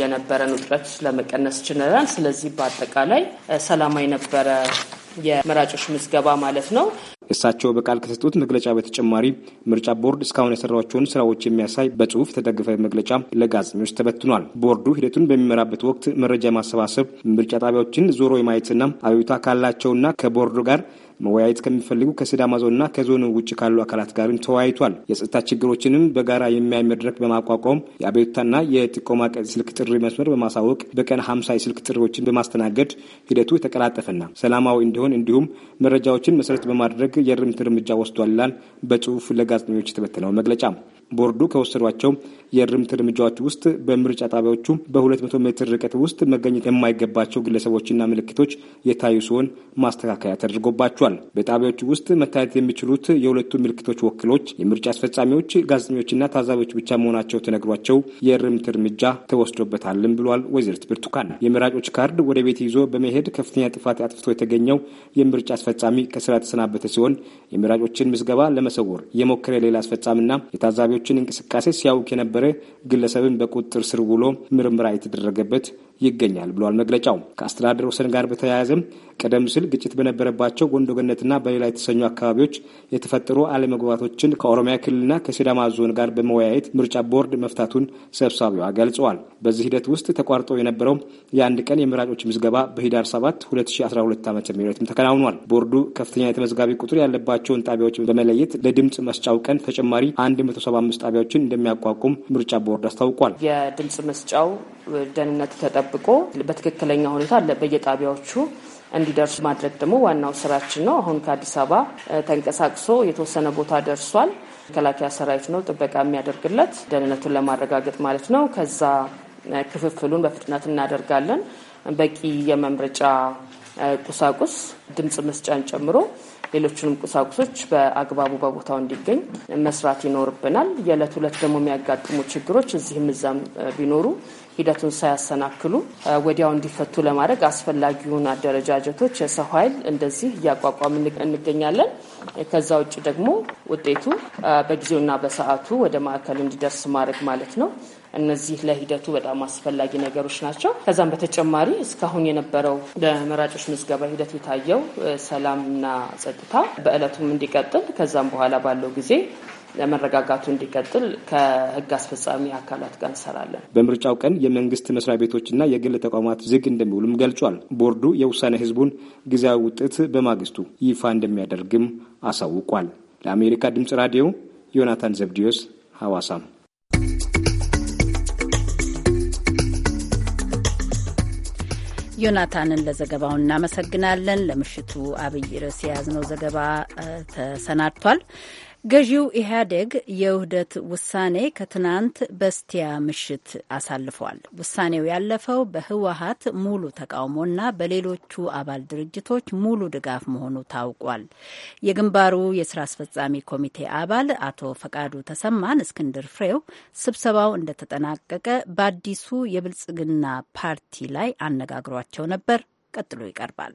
የነበረን ውጥረት ለመቀነስ ችለናል። ስለዚህ በአጠቃላይ ሰላማዊ ነበረ የመራጮች ምዝገባ ማለት ነው። እሳቸው በቃል ከሰጡት መግለጫ በተጨማሪ ምርጫ ቦርድ እስካሁን የሰራቸውን ስራዎች የሚያሳይ በጽሁፍ የተደገፈ መግለጫ ለጋዜጠኞች ተበትኗል። ቦርዱ ሂደቱን በሚመራበት ወቅት መረጃ የማሰባሰብ ምርጫ ጣቢያዎችን ዞሮ የማየትና አቤቱታ ካላቸውና ከቦርዱ ጋር መወያየት ከሚፈልጉ ከሲዳማ ዞንና ከዞኑ ውጭ ካሉ አካላት ጋርም ተወያይቷል። የጸጥታ ችግሮችንም በጋራ የሚያይ መድረክ በማቋቋም የአቤቱታና የጥቆማ ስልክ ጥሪ መስመር በማሳወቅ በቀን ሀምሳ የስልክ ጥሪዎችን በማስተናገድ ሂደቱ የተቀላጠፈና ሰላማዊ እንዲሆን እንዲሁም መረጃዎችን መሰረት በማድረግ የእርምት እርምጃ ወስዷል ይላል በጽሁፍ ለጋዜጠኞች የተበተነው መግለጫ። ቦርዱ ከወሰዷቸው የእርምት እርምጃዎች ውስጥ በምርጫ ጣቢያዎቹ በ200 ሜትር ርቀት ውስጥ መገኘት የማይገባቸው ግለሰቦችና ምልክቶች የታዩ ሲሆን ማስተካከያ ተደርጎባቸዋል። በጣቢያዎቹ ውስጥ መታየት የሚችሉት የሁለቱ ምልክቶች ወኪሎች የምርጫ አስፈጻሚዎች፣ ጋዜጠኞችና ታዛቢዎች ብቻ መሆናቸው ተነግሯቸው የእርምት እርምጃ ተወስዶበታልም ብሏል። ወይዘሪት ብርቱካን የመራጮች ካርድ ወደ ቤት ይዞ በመሄድ ከፍተኛ ጥፋት አጥፍቶ የተገኘው የምርጫ አስፈጻሚ ከስራ የተሰናበተ ሲሆን የመራጮችን ምዝገባ ለመሰወር የሞከረ ሌላ አስፈጻሚና የታዛቢ የአሸባሪዎችን እንቅስቃሴ ሲያውቅ የነበረ ግለሰብን በቁጥጥር ስር ውሎ ምርመራ የተደረገበት ይገኛል ብሏል መግለጫው። ከአስተዳደር ወሰን ጋር በተያያዘም ቀደም ሲል ግጭት በነበረባቸው ጎንዶገነትና በሌላ የተሰኙ አካባቢዎች የተፈጠሩ አለመግባባቶችን ከኦሮሚያ ክልልና ከሲዳማ ዞን ጋር በመወያየት ምርጫ ቦርድ መፍታቱን ሰብሳቢዋ ገልጸዋል። በዚህ ሂደት ውስጥ ተቋርጦ የነበረው የአንድ ቀን የመራጮች ምዝገባ በሂዳር 7 2012 ዓ ም ተከናውኗል። ቦርዱ ከፍተኛ የተመዝጋቢ ቁጥር ያለባቸውን ጣቢያዎች በመለየት ለድምፅ መስጫው ቀን ተጨማሪ 175 ጣቢያዎችን እንደሚያቋቁም ምርጫ ቦርድ አስታውቋል። የድምፅ መስጫው ደህንነቱ ተጠ ጠብቆ በትክክለኛ ሁኔታ በየጣቢያዎቹ እንዲደርሱ ማድረግ ደግሞ ዋናው ስራችን ነው። አሁን ከአዲስ አበባ ተንቀሳቅሶ የተወሰነ ቦታ ደርሷል። መከላከያ ሰራዊት ነው ጥበቃ የሚያደርግለት ደህንነቱን ለማረጋገጥ ማለት ነው። ከዛ ክፍፍሉን በፍጥነት እናደርጋለን። በቂ የመምረጫ ቁሳቁስ ድምፅ መስጫን ጨምሮ ሌሎችንም ቁሳቁሶች በአግባቡ በቦታው እንዲገኝ መስራት ይኖርብናል። የዕለት ሁለት ደግሞ የሚያጋጥሙ ችግሮች እዚህም እዛም ቢኖሩ ሂደቱን ሳያሰናክሉ ወዲያው እንዲፈቱ ለማድረግ አስፈላጊውን አደረጃጀቶች፣ የሰው ኃይል እንደዚህ እያቋቋም እንገኛለን። ከዛ ውጭ ደግሞ ውጤቱ በጊዜውና በሰዓቱ ወደ ማዕከል እንዲደርስ ማድረግ ማለት ነው። እነዚህ ለሂደቱ በጣም አስፈላጊ ነገሮች ናቸው። ከዛም በተጨማሪ እስካሁን የነበረው ለመራጮች ምዝገባ ሂደት የታየው ሰላምና ጸጥታ በእለቱም እንዲቀጥል ከዛም በኋላ ባለው ጊዜ ለመረጋጋቱ እንዲቀጥል ከህግ አስፈጻሚ አካላት ጋር እንሰራለን። በምርጫው ቀን የመንግስት መስሪያ ቤቶችና የግል ተቋማት ዝግ እንደሚውሉም ገልጿል። ቦርዱ የውሳኔ ህዝቡን ጊዜያዊ ውጤት በማግስቱ ይፋ እንደሚያደርግም አሳውቋል። ለአሜሪካ ድምጽ ራዲዮ ዮናታን ዘብዲዮስ ሐዋሳም ዮናታንን ለዘገባው እናመሰግናለን። ለምሽቱ አብይ ርዕስ የያዝነው ዘገባ ተሰናድቷል። ገዢው ኢህአዴግ የውህደት ውሳኔ ከትናንት በስቲያ ምሽት አሳልፏል። ውሳኔው ያለፈው በህወሀት ሙሉ ተቃውሞና በሌሎቹ አባል ድርጅቶች ሙሉ ድጋፍ መሆኑ ታውቋል። የግንባሩ የስራ አስፈጻሚ ኮሚቴ አባል አቶ ፈቃዱ ተሰማን እስክንድር ፍሬው ስብሰባው እንደተጠናቀቀ በአዲሱ የብልጽግና ፓርቲ ላይ አነጋግሯቸው ነበር። ቀጥሎ ይቀርባል።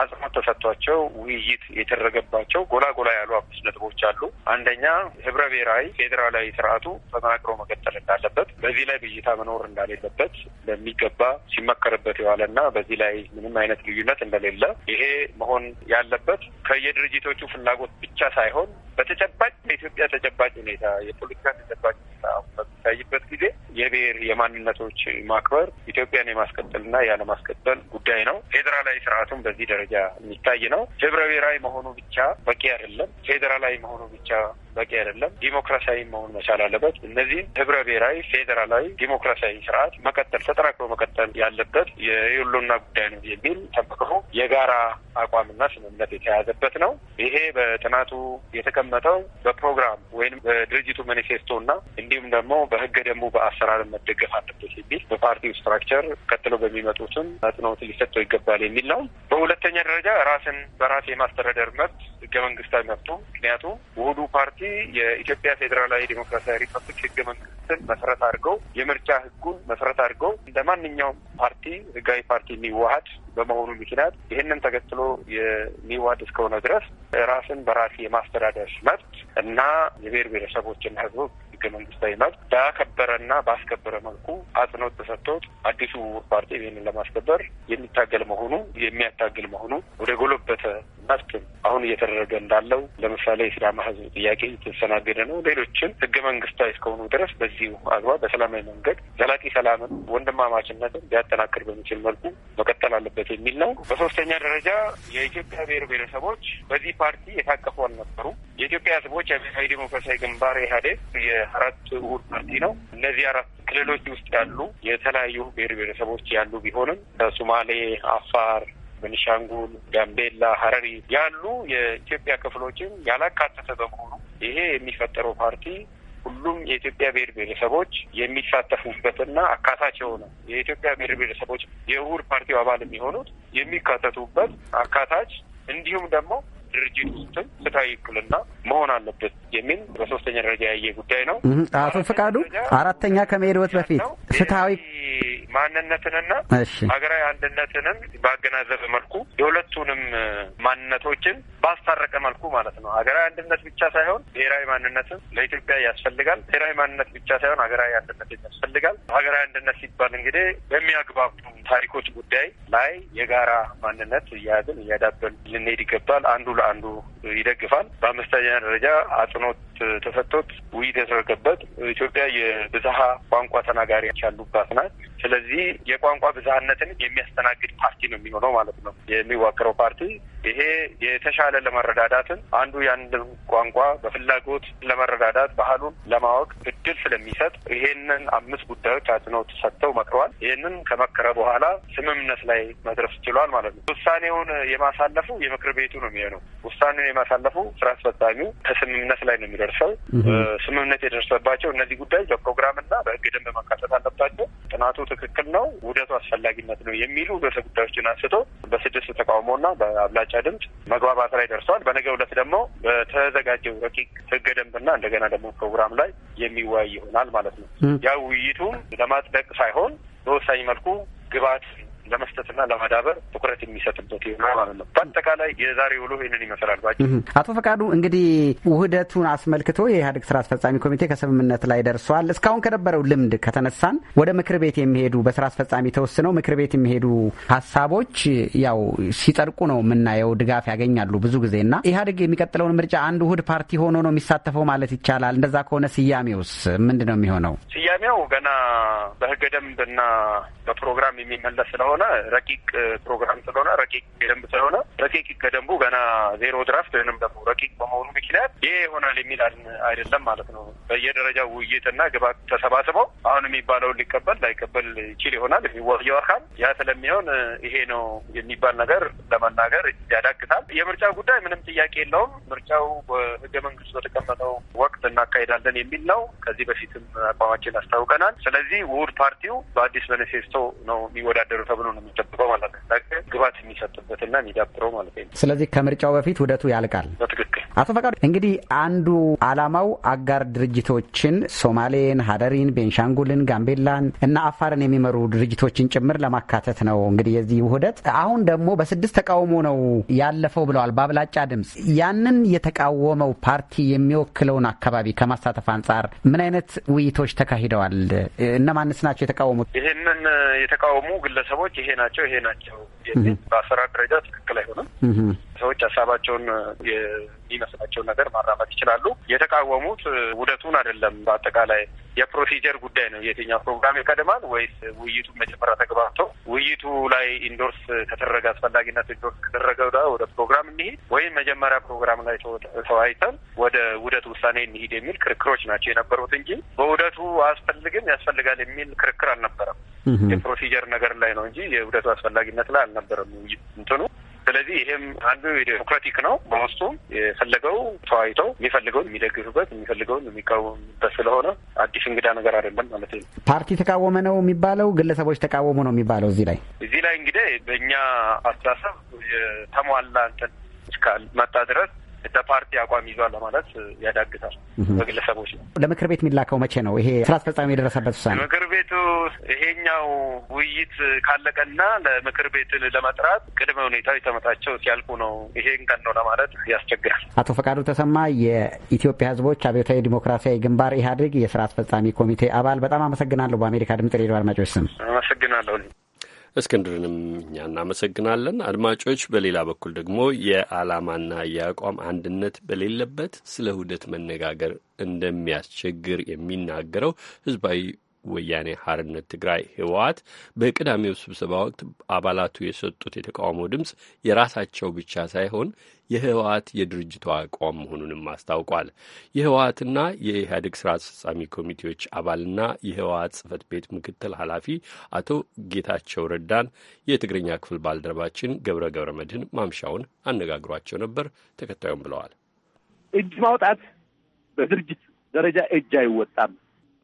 አጽንኦት ተሰጥቷቸው ውይይት የተደረገባቸው ጎላ ጎላ ያሉ አምስት ነጥቦች አሉ። አንደኛ ህብረ ብሔራዊ ፌዴራላዊ ስርዓቱ ተጠናክሮ መቀጠል እንዳለበት፣ በዚህ ላይ ብይታ መኖር እንዳሌለበት በሚገባ ሲመከርበት የዋለና በዚህ ላይ ምንም አይነት ልዩነት እንደሌለ ይሄ መሆን ያለበት ከየድርጅቶቹ ፍላጎት ብቻ ሳይሆን በተጨባጭ በኢትዮጵያ ተጨባጭ ሁኔታ የፖለቲካ ተጨባጭ ሁኔታ በሚታይበት ጊዜ የብሔር የማንነቶች ማክበር ኢትዮጵያን የማስቀጠልና ያለማስቀጠል ጉዳይ ነው። ፌዴራላዊ ስርዓቱም በዚህ ደረጃ የሚታይ ነው። ህብረ ብሔራዊ መሆኑ ብቻ በቂ አይደለም። ፌዴራላዊ መሆኑ ብቻ በቂ አይደለም። ዲሞክራሲያዊ መሆን መቻል አለበት። እነዚህም ህብረ ብሔራዊ ፌዴራላዊ ዲሞክራሲያዊ ስርዓት መቀጠል ተጠናክሮ መቀጠል ያለበት የሁሉና ጉዳይ ነው የሚል ተመክሮ የጋራ አቋምና ስምምነት የተያዘበት ነው። ይሄ በጥናቱ የተቀመጠው በፕሮግራም ወይም በድርጅቱ ማኒፌስቶ እና እንዲሁም ደግሞ በህገ ደንቡ በአሰራር መደገፍ አለበት የሚል በፓርቲው ስትራክቸር ቀጥሎ በሚመጡትም አጽንኦት ሊሰጠው ይገባል የሚል ነው። በሁለተኛ ደረጃ ራስን በራስ የማስተዳደር መብት ህገ መንግስታዊ መብቱ ምክንያቱም ውህዱ ፓርቲ የኢትዮጵያ ፌዴራላዊ ዴሞክራሲያዊ ሪፐብሊክ ህገ መንግስትን መሰረት አድርገው የምርጫ ህጉን መሰረት አድርገው እንደ ማንኛውም ፓርቲ ህጋዊ ፓርቲ የሚዋሀድ በመሆኑ ምክንያት ይህንን ተከትሎ የሚዋሀድ እስከሆነ ድረስ ራስን በራስ የማስተዳደር መብት እና የብሔር ብሔረሰቦችና ህዝቦች ህገ መንግስታዊ መብት ባከበረና ባስከበረ መልኩ አጽንኦት ተሰጥቶት አዲሱ ፓርቲ ይህንን ለማስከበር የሚታገል መሆኑ የሚያታግል መሆኑ ወደ ጎለበተ ማስቀም አሁን እየተደረገ እንዳለው ለምሳሌ የሲዳማ ህዝብ ጥያቄ እየተስተናገደ ነው። ሌሎችም ህገ መንግስታዊ እስከሆኑ ድረስ በዚሁ አግባብ በሰላማዊ መንገድ ዘላቂ ሰላምን፣ ወንድማማችነትን ሊያጠናክር በሚችል መልኩ መቀጠል አለበት የሚል ነው። በሶስተኛ ደረጃ የኢትዮጵያ ብሔር ብሔረሰቦች በዚህ ፓርቲ የታቀፉ አልነበሩ። የኢትዮጵያ ህዝቦች የብሔራዊ ዴሞክራሲያዊ ግንባር ኢህአዴግ የአራት ውሁድ ፓርቲ ነው። እነዚህ አራት ክልሎች ውስጥ ያሉ የተለያዩ ብሔር ብሔረሰቦች ያሉ ቢሆንም ከሶማሌ፣ አፋር ቤኒሻንጉል፣ ጋምቤላ፣ ሀረሪ ያሉ የኢትዮጵያ ክፍሎችን ያላካተተ በመሆኑ ይሄ የሚፈጠረው ፓርቲ ሁሉም የኢትዮጵያ ብሔር ብሔረሰቦች የሚሳተፉበትና አካታች የሆነ የኢትዮጵያ ብሔር ብሔረሰቦች የእሁድ ፓርቲው አባል የሚሆኑት የሚካተቱበት አካታች እንዲሁም ደግሞ ድርጅት ውስጥም ፍትሐዊ ውክልና መሆን አለበት የሚል በሶስተኛ ደረጃ ያየ ጉዳይ ነው። አቶ ፈቃዱ አራተኛ ከመሄድወት በፊት ፍትሐዊ ማንነትንና ሀገራዊ አንድነትንም ባገናዘበ መልኩ የሁለቱንም ማንነቶችን ባስታረቀ መልኩ ማለት ነው። ሀገራዊ አንድነት ብቻ ሳይሆን ብሔራዊ ማንነትም ለኢትዮጵያ ያስፈልጋል። ብሔራዊ ማንነት ብቻ ሳይሆን ሀገራዊ አንድነት ያስፈልጋል። ሀገራዊ አንድነት ሲባል እንግዲህ በሚያግባቡ ታሪኮች ጉዳይ ላይ የጋራ ማንነት እያያዝን እያዳበን ልንሄድ ይገባል። አንዱ አንዱ ይደግፋል። በአምስተኛ ደረጃ አጽንኦት ተሰጥቶት ውይይት የተደረገበት ኢትዮጵያ የብዝሃ ቋንቋ ተናጋሪዎች ያሉባት ናት። ስለዚህ የቋንቋ ብዝሃነትን የሚያስተናግድ ፓርቲ ነው የሚሆነው ማለት ነው የሚዋከረው ፓርቲ ይሄ የተሻለ ለመረዳዳትን አንዱ የአንድ ቋንቋ በፍላጎት ለመረዳዳት ባህሉን ለማወቅ እድል ስለሚሰጥ ይሄንን አምስት ጉዳዮች አጽንኦት ሰጥተው መክረዋል። ይህንን ከመከረ በኋላ ስምምነት ላይ መድረስ ችሏል ማለት ነው። ውሳኔውን የማሳለፉ የምክር ቤቱ ነው የሚሆነው። ውሳኔውን የማሳለፉ ስራ አስፈጻሚው ከስምምነት ላይ ነው የሚደርሰው። ስምምነት የደረሰባቸው እነዚህ ጉዳዮች በፕሮግራምና በህግ ደንብ መካተት አለባቸው። ጥናቱ ትክክል ነው፣ ውህደቱ አስፈላጊነት ነው የሚሉ ርዕሰ ጉዳዮችን አንስቶ በስድስት ተቃውሞና በአብላጫ ድምፅ መግባባት ላይ ደርሰዋል። በነገ ዕለት ደግሞ በተዘጋጀው ረቂቅ ህገ ደንብና እንደገና ደግሞ ፕሮግራም ላይ የሚወያይ ይሆናል ማለት ነው። ያ ውይይቱም ለማጽደቅ ሳይሆን በወሳኝ መልኩ ግብዓት ለመስጠትና ለማዳበር ትኩረት የሚሰጥበት ይሆናል ማለት ነው። በአጠቃላይ የዛሬ ውሎ ይህንን ይመስላል። ባ አቶ ፈቃዱ እንግዲህ ውህደቱን አስመልክቶ የኢህአዴግ ስራ አስፈጻሚ ኮሚቴ ከስምምነት ላይ ደርሷል። እስካሁን ከነበረው ልምድ ከተነሳን ወደ ምክር ቤት የሚሄዱ በስራ አስፈጻሚ ተወስነው ምክር ቤት የሚሄዱ ሀሳቦች ያው ሲጸድቁ ነው የምናየው፣ ድጋፍ ያገኛሉ ብዙ ጊዜ እና ኢህአዴግ የሚቀጥለውን ምርጫ አንድ ውህድ ፓርቲ ሆኖ ነው የሚሳተፈው ማለት ይቻላል። እንደዛ ከሆነ ስያሜውስ ምንድን ነው የሚሆነው? ስያሜው ገና በህገ እና በፕሮግራም የሚመለስ ስለሆነ ስለሆነ ረቂቅ ፕሮግራም ስለሆነ ረቂቅ ደንብ ስለሆነ ረቂቅ ከደንቡ ገና ዜሮ ድራፍት ወይንም ደግሞ ረቂቅ በመሆኑ ምክንያት ይሄ ይሆናል የሚል አይደለም ማለት ነው። በየደረጃው ውይይትና ግባት ተሰባስበው አሁን የሚባለውን ሊቀበል ላይቀበል ይችል ይሆናል የሚወየው አካል ያ ስለሚሆን ይሄ ነው የሚባል ነገር ለመናገር ያዳግታል። የምርጫ ጉዳይ ምንም ጥያቄ የለውም። ምርጫው በህገ መንግስት በተቀመጠው ወቅት እናካሄዳለን የሚል ነው። ከዚህ በፊትም አቋማችን አስታውቀናል። ስለዚህ ውድ ፓርቲው በአዲስ መኒፌስቶ ነው የሚወዳደሩ ተብሎ ነው የሚጠብቀው ማለት ነው። ግባት የሚሰጥበትና የሚዳብረው ማለት ነው። ስለዚህ ከምርጫው በፊት ውደቱ ያልቃል። በትክክል አቶ ፈቃዱ፣ እንግዲህ አንዱ አላማው አጋር ድርጅቶችን ሶማሌን፣ ሀደሪን፣ ቤንሻንጉልን፣ ጋምቤላን እና አፋርን የሚመሩ ድርጅቶችን ጭምር ለማካተት ነው። እንግዲህ የዚህ ውህደት አሁን ደግሞ በስድስት ተቃውሞ ነው ያለፈው ብለዋል በአብላጫ ድምፅ። ያንን የተቃወመው ፓርቲ የሚወክለውን አካባቢ ከማሳተፍ አንጻር ምን አይነት ውይይቶች ተካሂደዋል? እነማንስ ናቸው የተቃወሙት? ይህንን የተቃወሙ ግለሰቦች ይሄ ናቸው ይሄ ናቸው የሚል በአሰራር ደረጃ ትክክል አይሆንም። ሰዎች ሀሳባቸውን የሚመስላቸውን ነገር ማራመድ ይችላሉ። የተቃወሙት ውደቱን አይደለም። በአጠቃላይ የፕሮሲጀር ጉዳይ ነው። የትኛው ፕሮግራም ይቀድማል ወይስ ውይይቱ መጀመሪያ ተግባብቶ ውይይቱ ላይ ኢንዶርስ ከተደረገ አስፈላጊነት ኢንዶርስ ከተደረገ ወደ ፕሮግራም እንሂድ ወይም መጀመሪያ ፕሮግራም ላይ ተወያይተን ወደ ውደት ውሳኔ እንሂድ የሚል ክርክሮች ናቸው የነበሩት እንጂ በውደቱ አያስፈልግም ያስፈልጋል የሚል ክርክር አልነበረም። የፕሮሲጀር ነገር ላይ ነው እንጂ የውደቱ አስፈላጊነት ላይ አልነበረም። ውይይት እንትኑ ስለዚህ ይሄም አንዱ ዴሞክራቲክ ነው በውስጡ የፈለገው ተዋይተው የሚፈልገውን የሚደግፍበት የሚፈልገውን የሚቃወምበት ስለሆነ አዲስ እንግዳ ነገር አይደለም ማለት ነው። ፓርቲ ተቃወመ ነው የሚባለው፣ ግለሰቦች ተቃወሙ ነው የሚባለው። እዚህ ላይ እዚህ ላይ እንግዲህ በእኛ አስተሳሰብ የተሟላ እንትን እስካልመጣ ድረስ እንደ ፓርቲ አቋም ይዟል ለማለት ያዳግታል። በግለሰቦች ነው። ለምክር ቤት የሚላከው መቼ ነው? ይሄ ስራ አስፈጻሚ የደረሰበት ውሳኔ ምክር ቤቱ ይሄኛው ውይይት ካለቀና ለምክር ቤት ለመጥራት ቅድመ ሁኔታው የተመጣቸው ሲያልቁ ነው። ይሄን ቀን ነው ለማለት ያስቸግራል። አቶ ፈቃዱ ተሰማ የኢትዮጵያ ህዝቦች አብዮታዊ ዲሞክራሲያዊ ግንባር ኢህአዴግ የስራ አስፈጻሚ ኮሚቴ አባል፣ በጣም አመሰግናለሁ። በአሜሪካ ድምጽ ሬዲዮ አድማጮች ስም አመሰግናለሁ። እስክንድርንም እኛ እናመሰግናለን። አድማጮች፣ በሌላ በኩል ደግሞ የዓላማና የአቋም አንድነት በሌለበት ስለ ውህደት መነጋገር እንደሚያስቸግር የሚናገረው ህዝባዊ ወያኔ ሀርነት ትግራይ ህወሓት በቅዳሜው ስብሰባ ወቅት አባላቱ የሰጡት የተቃውሞ ድምፅ የራሳቸው ብቻ ሳይሆን የህወሓት የድርጅቱ አቋም መሆኑንም አስታውቋል። የህወሓትና የኢህአዴግ ስራ አስፈጻሚ ኮሚቴዎች አባልና የህወሓት ጽህፈት ቤት ምክትል ኃላፊ አቶ ጌታቸው ረዳን የትግርኛ ክፍል ባልደረባችን ገብረ ገብረ መድህን ማምሻውን አነጋግሯቸው ነበር። ተከታዩም ብለዋል። እጅ ማውጣት በድርጅት ደረጃ እጅ አይወጣም።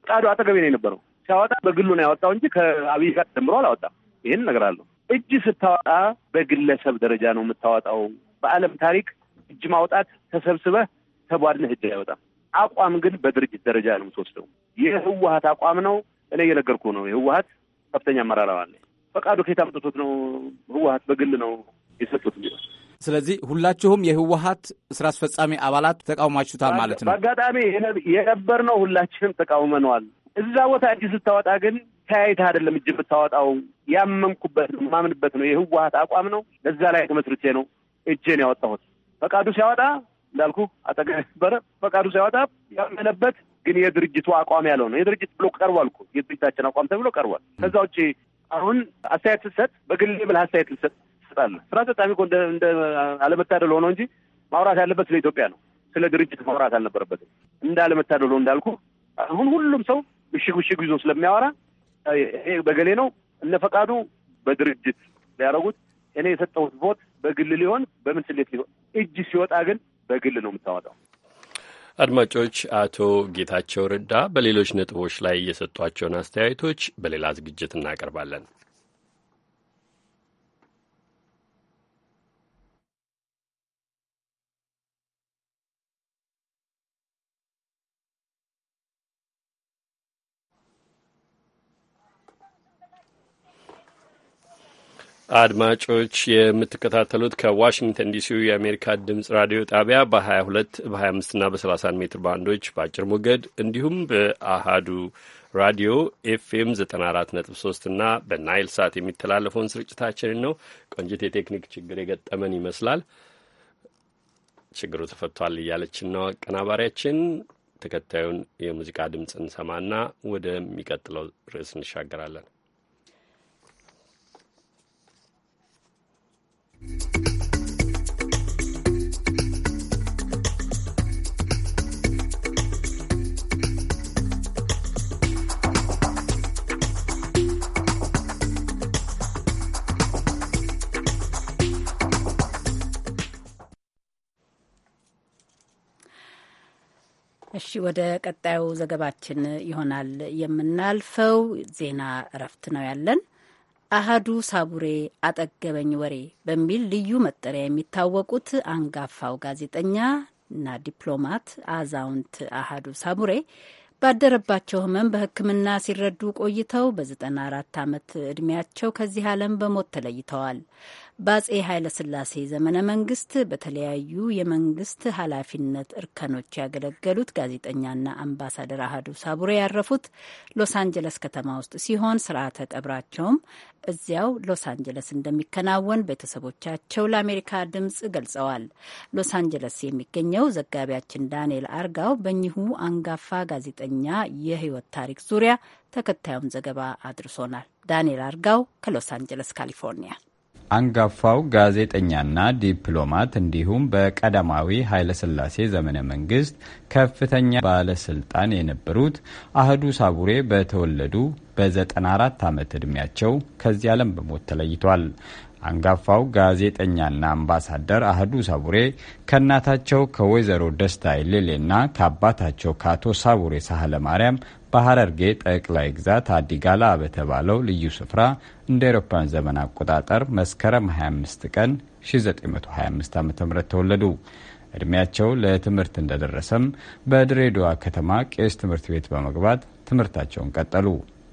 ፍቃዱ አጠገቤ ነው የነበረው ሲያወጣ በግሉ ነው ያወጣው እንጂ ከአብይ ጋር ተደምሮ አላወጣም። ይህን እነግራለሁ። እጅ ስታወጣ በግለሰብ ደረጃ ነው የምታወጣው። በዓለም ታሪክ እጅ ማውጣት ተሰብስበህ ተቧድነህ እጅ አይወጣም። አቋም ግን በድርጅት ደረጃ ነው የምትወስደው። የህወሀት አቋም ነው። እኔ እየነገርኩ ነው። የህወሀት ከፍተኛ አመራር አለ። ፈቃዱ ከየት አምጥቶት ነው? ህወሀት በግል ነው የሰጡት ሚ ስለዚህ ሁላችሁም የህወሀት ስራ አስፈጻሚ አባላት ተቃውማችሁታል ማለት ነው። በአጋጣሚ የነበር ነው ሁላችንም ተቃውመነዋል። እዛ ቦታ እጅ ስታወጣ ግን ተያይተህ አይደለም እጅ የምታወጣው። ያመንኩበት ነው ማምንበት ነው የህወሀት አቋም ነው። ለዛ ላይ ተመስርቼ ነው እጄን ያወጣሁት። ፈቃዱ ሲያወጣ እንዳልኩ አጠገብ ነበረ። ፈቃዱ ሲያወጣ ያመነበት ግን የድርጅቱ አቋም ያለው ነው። የድርጅት ብሎ ቀርቧል እኮ የድርጅታችን አቋም ተብሎ ቀርቧል። ከዛ ውጭ አሁን አስተያየት ስትሰጥ በግል ብል አስተያየት ልሰጥ ትሰጣለህ። ስራ አስፈጻሚ እኮ እንደ አለመታደል ሆነው እንጂ ማውራት ያለበት ስለ ኢትዮጵያ ነው። ስለ ድርጅት ማውራት አልነበረበትም። እንደ አለመታደል ሆኖ እንዳልኩ አሁን ሁሉም ሰው ምሽግ ምሽግ ይዞ ስለሚያወራ ይሄ በገሌ ነው እነ ፈቃዱ በድርጅት ሊያደረጉት እኔ የሰጠሁት ቦት በግል ሊሆን በምን ስሌት ሊሆን እጅ ሲወጣ ግን በግል ነው የምታወጣው። አድማጮች፣ አቶ ጌታቸው ረዳ በሌሎች ነጥቦች ላይ የሰጧቸውን አስተያየቶች በሌላ ዝግጅት እናቀርባለን። አድማጮች የምትከታተሉት ከዋሽንግተን ዲሲው የአሜሪካ ድምጽ ራዲዮ ጣቢያ በ22 በ25ና በ31 ሜትር ባንዶች በአጭር ሞገድ እንዲሁም በአሃዱ ራዲዮ ኤፍኤም 94.3 እና በናይል ሳት የሚተላለፈውን ስርጭታችንን ነው። ቆንጅት የቴክኒክ ችግር የገጠመን ይመስላል። ችግሩ ተፈቷል እያለችን ነው አቀናባሪያችን። ተከታዩን የሙዚቃ ድምፅ እንሰማና ወደሚቀጥለው ርዕስ እንሻገራለን። ወደ ቀጣዩ ዘገባችን ይሆናል የምናልፈው። ዜና እረፍት ነው ያለን። አህዱ ሳቡሬ አጠገበኝ ወሬ በሚል ልዩ መጠሪያ የሚታወቁት አንጋፋው ጋዜጠኛ እና ዲፕሎማት አዛውንት አህዱ ሳቡሬ ባደረባቸው ሕመም በሕክምና ሲረዱ ቆይተው በ94 ዓመት ዕድሜያቸው ከዚህ ዓለም በሞት ተለይተዋል። በአጼ ኃይለስላሴ ዘመነ መንግስት በተለያዩ የመንግስት ኃላፊነት እርከኖች ያገለገሉት ጋዜጠኛና አምባሳደር አህዱ ሳቡሬ ያረፉት ሎስ አንጀለስ ከተማ ውስጥ ሲሆን ስርዓተ ቀብራቸውም እዚያው ሎስ አንጀለስ እንደሚከናወን ቤተሰቦቻቸው ለአሜሪካ ድምጽ ገልጸዋል። ሎስ አንጀለስ የሚገኘው ዘጋቢያችን ዳንኤል አርጋው በእኚሁ አንጋፋ ጋዜጠኛ የህይወት ታሪክ ዙሪያ ተከታዩን ዘገባ አድርሶናል። ዳንኤል አርጋው ከሎስ አንጀለስ ካሊፎርኒያ አንጋፋው ጋዜጠኛና ዲፕሎማት እንዲሁም በቀዳማዊ ኃይለሥላሴ ዘመነ መንግስት ከፍተኛ ባለስልጣን የነበሩት አህዱ ሳቡሬ በተወለዱ በ94 ዓመት ዕድሜያቸው ከዚህ ዓለም በሞት ተለይቷል። አንጋፋው ጋዜጠኛና አምባሳደር አህዱ ሳቡሬ ከእናታቸው ከወይዘሮ ደስታ ና ከአባታቸው ከአቶ ሳቡሬ ሳህለ ማርያም በሐረርጌ ጠቅላይ ግዛት አዲጋላ በተባለው ልዩ ስፍራ እንደ ኤሮፓን ዘመን አቆጣጠር መስከረም 25 ቀን 1925 ዓ ም ተወለዱ። እድሜያቸው ለትምህርት እንደደረሰም በድሬዳዋ ከተማ ቄስ ትምህርት ቤት በመግባት ትምህርታቸውን ቀጠሉ።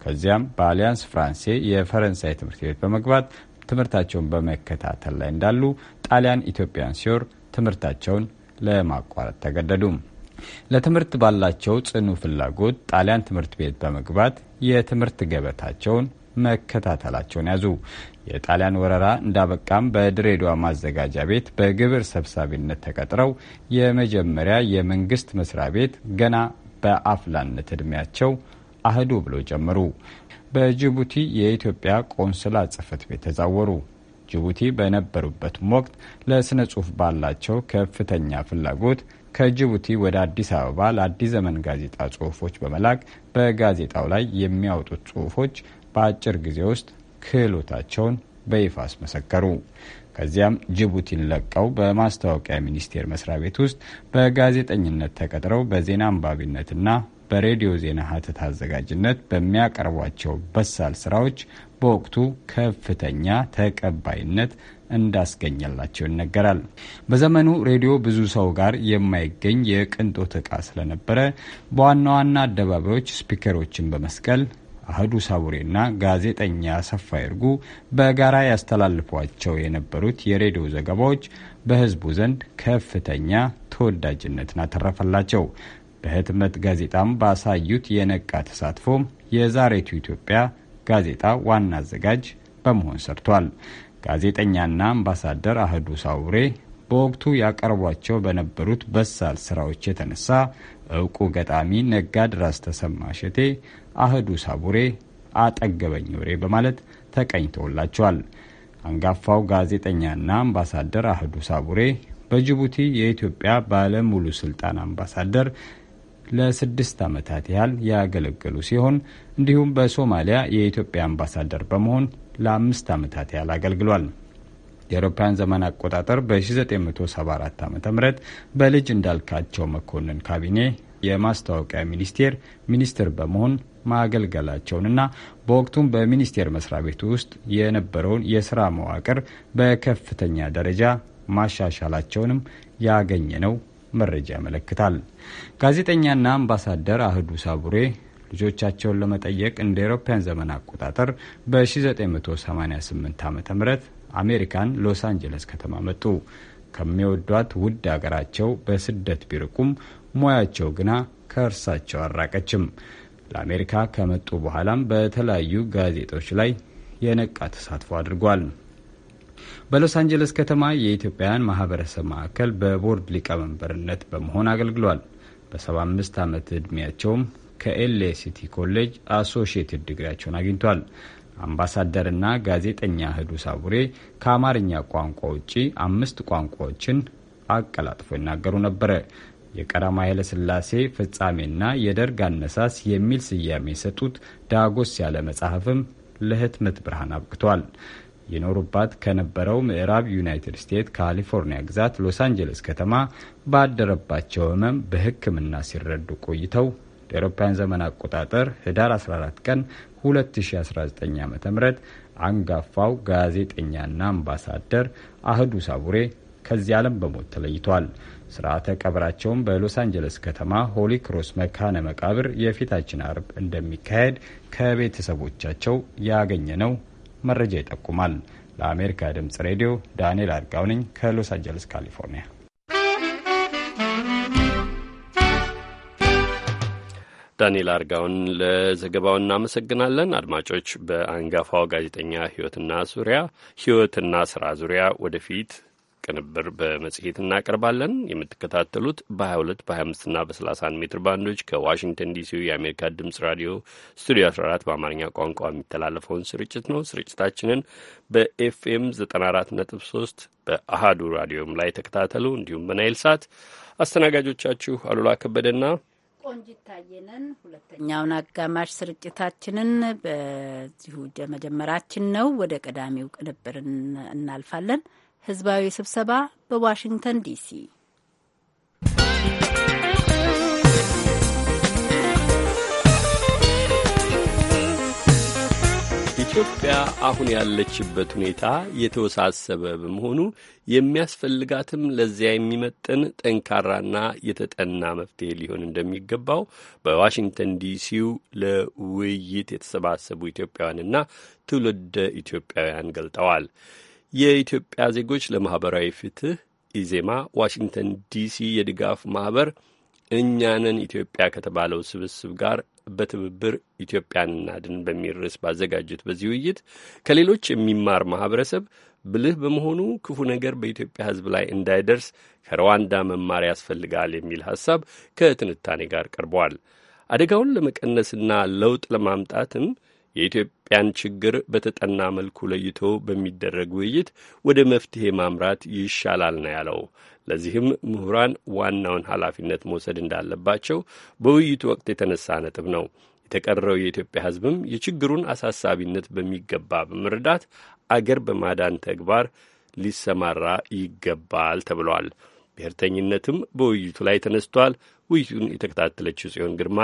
ከዚያም በአሊያንስ ፍራንሴ የፈረንሳይ ትምህርት ቤት በመግባት ትምህርታቸውን በመከታተል ላይ እንዳሉ ጣሊያን ኢትዮጵያን ሲወር ትምህርታቸውን ለማቋረጥ ተገደዱ። ለትምህርት ባላቸው ጽኑ ፍላጎት ጣሊያን ትምህርት ቤት በመግባት የትምህርት ገበታቸውን መከታተላቸውን ያዙ። የጣሊያን ወረራ እንዳበቃም በድሬዳዋ ማዘጋጃ ቤት በግብር ሰብሳቢነት ተቀጥረው የመጀመሪያ የመንግስት መስሪያ ቤት ገና በአፍላነት እድሜያቸው አህዱ ብሎ ጀመሩ። በጅቡቲ የኢትዮጵያ ቆንስላ ጽህፈት ቤት ተዛወሩ። ጅቡቲ በነበሩበትም ወቅት ለሥነ ጽሑፍ ባላቸው ከፍተኛ ፍላጎት ከጅቡቲ ወደ አዲስ አበባ ለአዲስ ዘመን ጋዜጣ ጽሑፎች በመላክ በጋዜጣው ላይ የሚያወጡት ጽሑፎች በአጭር ጊዜ ውስጥ ክህሎታቸውን በይፋ አስመሰከሩ። ከዚያም ጅቡቲን ለቀው በማስታወቂያ ሚኒስቴር መስሪያ ቤት ውስጥ በጋዜጠኝነት ተቀጥረው በዜና አንባቢነትና በሬዲዮ ዜና ሀተት አዘጋጅነት በሚያቀርቧቸው በሳል ስራዎች በወቅቱ ከፍተኛ ተቀባይነት እንዳስገኘላቸው ይነገራል። በዘመኑ ሬዲዮ ብዙ ሰው ጋር የማይገኝ የቅንጦት ዕቃ ስለነበረ በዋና ዋና አደባባዮች ስፒከሮችን በመስቀል አህዱ ሳቡሬና ጋዜጠኛ አሰፋ ይርጉ በጋራ ያስተላልፏቸው የነበሩት የሬዲዮ ዘገባዎች በህዝቡ ዘንድ ከፍተኛ ተወዳጅነትን አተረፈላቸው። በህትመት ጋዜጣም ባሳዩት የነቃ ተሳትፎ የዛሬቱ ኢትዮጵያ ጋዜጣ ዋና አዘጋጅ በመሆን ሰርቷል። ጋዜጠኛና አምባሳደር አህዱ ሳውሬ በወቅቱ ያቀርቧቸው በነበሩት በሳል ስራዎች የተነሳ እውቁ ገጣሚ ነጋድራስ ተሰማ እሸቴ አህዱ ሳቡሬ አጠገበኝ ውሬ በማለት ተቀኝተውላቸዋል። አንጋፋው ጋዜጠኛና አምባሳደር አህዱ ሳቡሬ በጅቡቲ የኢትዮጵያ ባለሙሉ ስልጣን አምባሳደር ለስድስት ዓመታት ያህል ያገለገሉ ሲሆን እንዲሁም በሶማሊያ የኢትዮጵያ አምባሳደር በመሆን ለአምስት ዓመታት ያህል አገልግሏል። የአውሮፓውያን ዘመን አቆጣጠር በ1974 ዓ ም በልጅ እንዳልካቸው መኮንን ካቢኔ የማስታወቂያ ሚኒስቴር ሚኒስትር በመሆን ማገልገላቸውንና በወቅቱም በሚኒስቴር መስሪያ ቤቱ ውስጥ የነበረውን የስራ መዋቅር በከፍተኛ ደረጃ ማሻሻላቸውንም ያገኘ ነው መረጃ ያመለክታል። ጋዜጠኛና አምባሳደር አህዱ ሳቡሬ ልጆቻቸውን ለመጠየቅ እንደ ኤሮፓያን ዘመን አቆጣጠር በ1988 ዓ ም አሜሪካን ሎስ አንጀለስ ከተማ መጡ። ከሚወዷት ውድ አገራቸው በስደት ቢርቁም ሙያቸው ግና ከእርሳቸው አራቀችም። ለአሜሪካ ከመጡ በኋላም በተለያዩ ጋዜጦች ላይ የነቃ ተሳትፎ አድርጓል። በሎስ አንጀለስ ከተማ የኢትዮጵያውያን ማህበረሰብ ማዕከል በቦርድ ሊቀመንበርነት በመሆን አገልግሏል። በ75 ዓመት ዕድሜያቸውም ከኤልኤ ሲቲ ኮሌጅ አሶሽየትድ ዲግሪያቸውን አግኝቷል። አምባሳደርና ጋዜጠኛ ህዱ ሳቡሬ ከአማርኛ ቋንቋ ውጪ አምስት ቋንቋዎችን አቀላጥፎ ይናገሩ ነበረ። የቀዳማዊ ኃይለ ሥላሴ ፍጻሜና የደርግ አነሳስ የሚል ስያሜ የሰጡት ዳጎስ ያለ መጽሐፍም ለህትመት ብርሃን አብቅቷል። ይኖሩባት ከነበረው ምዕራብ ዩናይትድ ስቴትስ ካሊፎርኒያ ግዛት ሎስ አንጀለስ ከተማ ባደረባቸው ህመም በሕክምና ሲረዱ ቆይተው ለአውሮፓውያን ዘመን አቆጣጠር ህዳር 14 ቀን 2019 ዓ ም አንጋፋው ጋዜጠኛና አምባሳደር አህዱ ሳቡሬ ከዚህ ዓለም በሞት ተለይቷል። ስርዓተ ቀብራቸውም በሎስ አንጀለስ ከተማ ሆሊ ክሮስ መካነ መቃብር የፊታችን አርብ እንደሚካሄድ ከቤተሰቦቻቸው ያገኘ ነው መረጃ ይጠቁማል። ለአሜሪካ ድምጽ ሬዲዮ ዳንኤል አርጋው ነኝ ከሎስ አንጀለስ ካሊፎርኒያ። ዳንኤል አርጋውን ለዘገባው እናመሰግናለን። አድማጮች፣ በአንጋፋው ጋዜጠኛ ህይወትና ዙሪያ ህይወትና ስራ ዙሪያ ወደፊት ቅንብር በመጽሔት እናቀርባለን። የምትከታተሉት በ22 በ25ና በ31 ሜትር ባንዶች ከዋሽንግተን ዲሲ የአሜሪካ ድምፅ ራዲዮ ስቱዲዮ 14 በአማርኛ ቋንቋ የሚተላለፈውን ስርጭት ነው። ስርጭታችንን በኤፍኤም 94.3 በአሃዱ ራዲዮም ላይ ተከታተሉ። እንዲሁም በናይል ሳት አስተናጋጆቻችሁ አሉላ ከበደና ቆንጂት ታየነን። ሁለተኛውን አጋማሽ ስርጭታችንን በዚሁ መጀመራችን ነው። ወደ ቀዳሚው ቅንብር እናልፋለን። ህዝባዊ ስብሰባ በዋሽንግተን ዲሲ ኢትዮጵያ አሁን ያለችበት ሁኔታ የተወሳሰበ በመሆኑ የሚያስፈልጋትም ለዚያ የሚመጥን ጠንካራና የተጠና መፍትሄ ሊሆን እንደሚገባው በዋሽንግተን ዲሲው ለውይይት የተሰባሰቡ ኢትዮጵያውያንና ትውልደ ኢትዮጵያውያን ገልጠዋል። የኢትዮጵያ ዜጎች ለማኅበራዊ ፍትህ ኢዜማ ዋሽንግተን ዲሲ የድጋፍ ማኅበር እኛንን ኢትዮጵያ ከተባለው ስብስብ ጋር በትብብር ኢትዮጵያን እናድን በሚል ርዕስ ባዘጋጁት በዚህ ውይይት ከሌሎች የሚማር ማኅበረሰብ ብልህ በመሆኑ ክፉ ነገር በኢትዮጵያ ሕዝብ ላይ እንዳይደርስ ከሩዋንዳ መማር ያስፈልጋል የሚል ሐሳብ ከትንታኔ ጋር ቀርበዋል። አደጋውን ለመቀነስና ለውጥ ለማምጣትም የኢትዮጵያን ችግር በተጠና መልኩ ለይቶ በሚደረግ ውይይት ወደ መፍትሄ ማምራት ይሻላል ነው ያለው። ለዚህም ምሁራን ዋናውን ኃላፊነት መውሰድ እንዳለባቸው በውይይቱ ወቅት የተነሳ ነጥብ ነው። የተቀረው የኢትዮጵያ ሕዝብም የችግሩን አሳሳቢነት በሚገባ በመረዳት አገር በማዳን ተግባር ሊሰማራ ይገባል ተብሏል። ብሔርተኝነትም በውይይቱ ላይ ተነስቷል። ውይይቱን የተከታተለችው ጽዮን ግርማ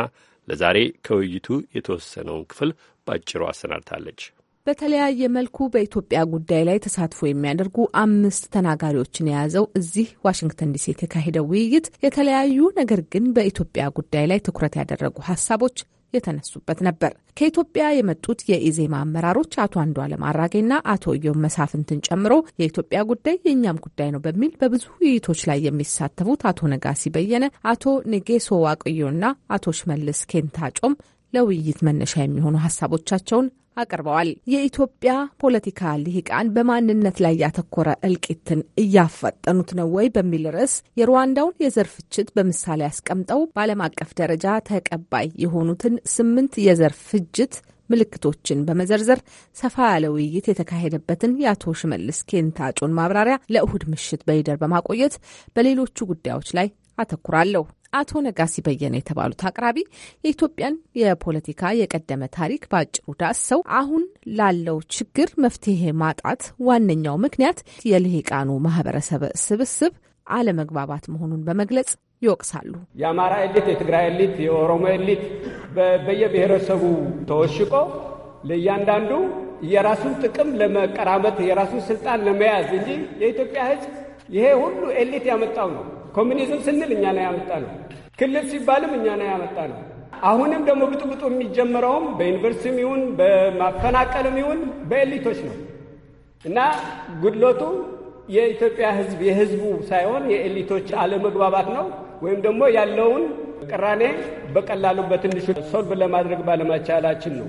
ለዛሬ ከውይይቱ የተወሰነውን ክፍል ባጭሩ አሰናድታለች። በተለያየ መልኩ በኢትዮጵያ ጉዳይ ላይ ተሳትፎ የሚያደርጉ አምስት ተናጋሪዎችን የያዘው እዚህ ዋሽንግተን ዲሲ የተካሄደው ውይይት የተለያዩ ነገር ግን በኢትዮጵያ ጉዳይ ላይ ትኩረት ያደረጉ ሀሳቦች የተነሱበት ነበር። ከኢትዮጵያ የመጡት የኢዜማ አመራሮች አቶ አንዱዓለም አራጌና አቶ እዮም መሳፍንትን ጨምሮ የኢትዮጵያ ጉዳይ የእኛም ጉዳይ ነው በሚል በብዙ ውይይቶች ላይ የሚሳተፉት አቶ ነጋሲ በየነ፣ አቶ ንጌሶ ዋቅዮና አቶ ሽመልስ ኬንታጮም ለውይይት መነሻ የሚሆኑ ሀሳቦቻቸውን አቅርበዋል። የኢትዮጵያ ፖለቲካ ልሂቃን በማንነት ላይ ያተኮረ እልቂትን እያፋጠኑት ነው ወይ በሚል ርዕስ የሩዋንዳውን የዘር ፍጅት በምሳሌ አስቀምጠው በዓለም አቀፍ ደረጃ ተቀባይ የሆኑትን ስምንት የዘር ፍጅት ምልክቶችን በመዘርዘር ሰፋ ያለ ውይይት የተካሄደበትን የአቶ ሽመልስ ኬንታጮን ማብራሪያ ለእሁድ ምሽት በይደር በማቆየት በሌሎቹ ጉዳዮች ላይ አተኩራለሁ። አቶ ነጋሲ በየነ የተባሉት አቅራቢ የኢትዮጵያን የፖለቲካ የቀደመ ታሪክ በአጭሩ ዳሰው አሁን ላለው ችግር መፍትሄ ማጣት ዋነኛው ምክንያት የልሂቃኑ ማህበረሰብ ስብስብ አለመግባባት መሆኑን በመግለጽ ይወቅሳሉ። የአማራ ኤሊት፣ የትግራይ ኤሊት፣ የኦሮሞ ኤሊት በየብሔረሰቡ ተወሽቆ ለእያንዳንዱ የራሱን ጥቅም ለመቀራመት የራሱን ስልጣን ለመያዝ እንጂ የኢትዮጵያ ሕዝብ ይሄ ሁሉ ኤሊት ያመጣው ነው። ኮሚኒዝም ስንል እኛ ነው ያመጣ ነው። ክልል ሲባልም እኛ ነው ያመጣ ነው። አሁንም ደግሞ ብጥብጡ የሚጀመረውም በዩኒቨርሲቲም ይሁን በማፈናቀልም ይሁን በኤሊቶች ነው እና ጉድለቱ የኢትዮጵያ ሕዝብ የሕዝቡ ሳይሆን የኤሊቶች አለመግባባት ነው። ወይም ደግሞ ያለውን ቅራኔ በቀላሉ በትንሹ ሶልቭ ለማድረግ ባለመቻላችን ነው።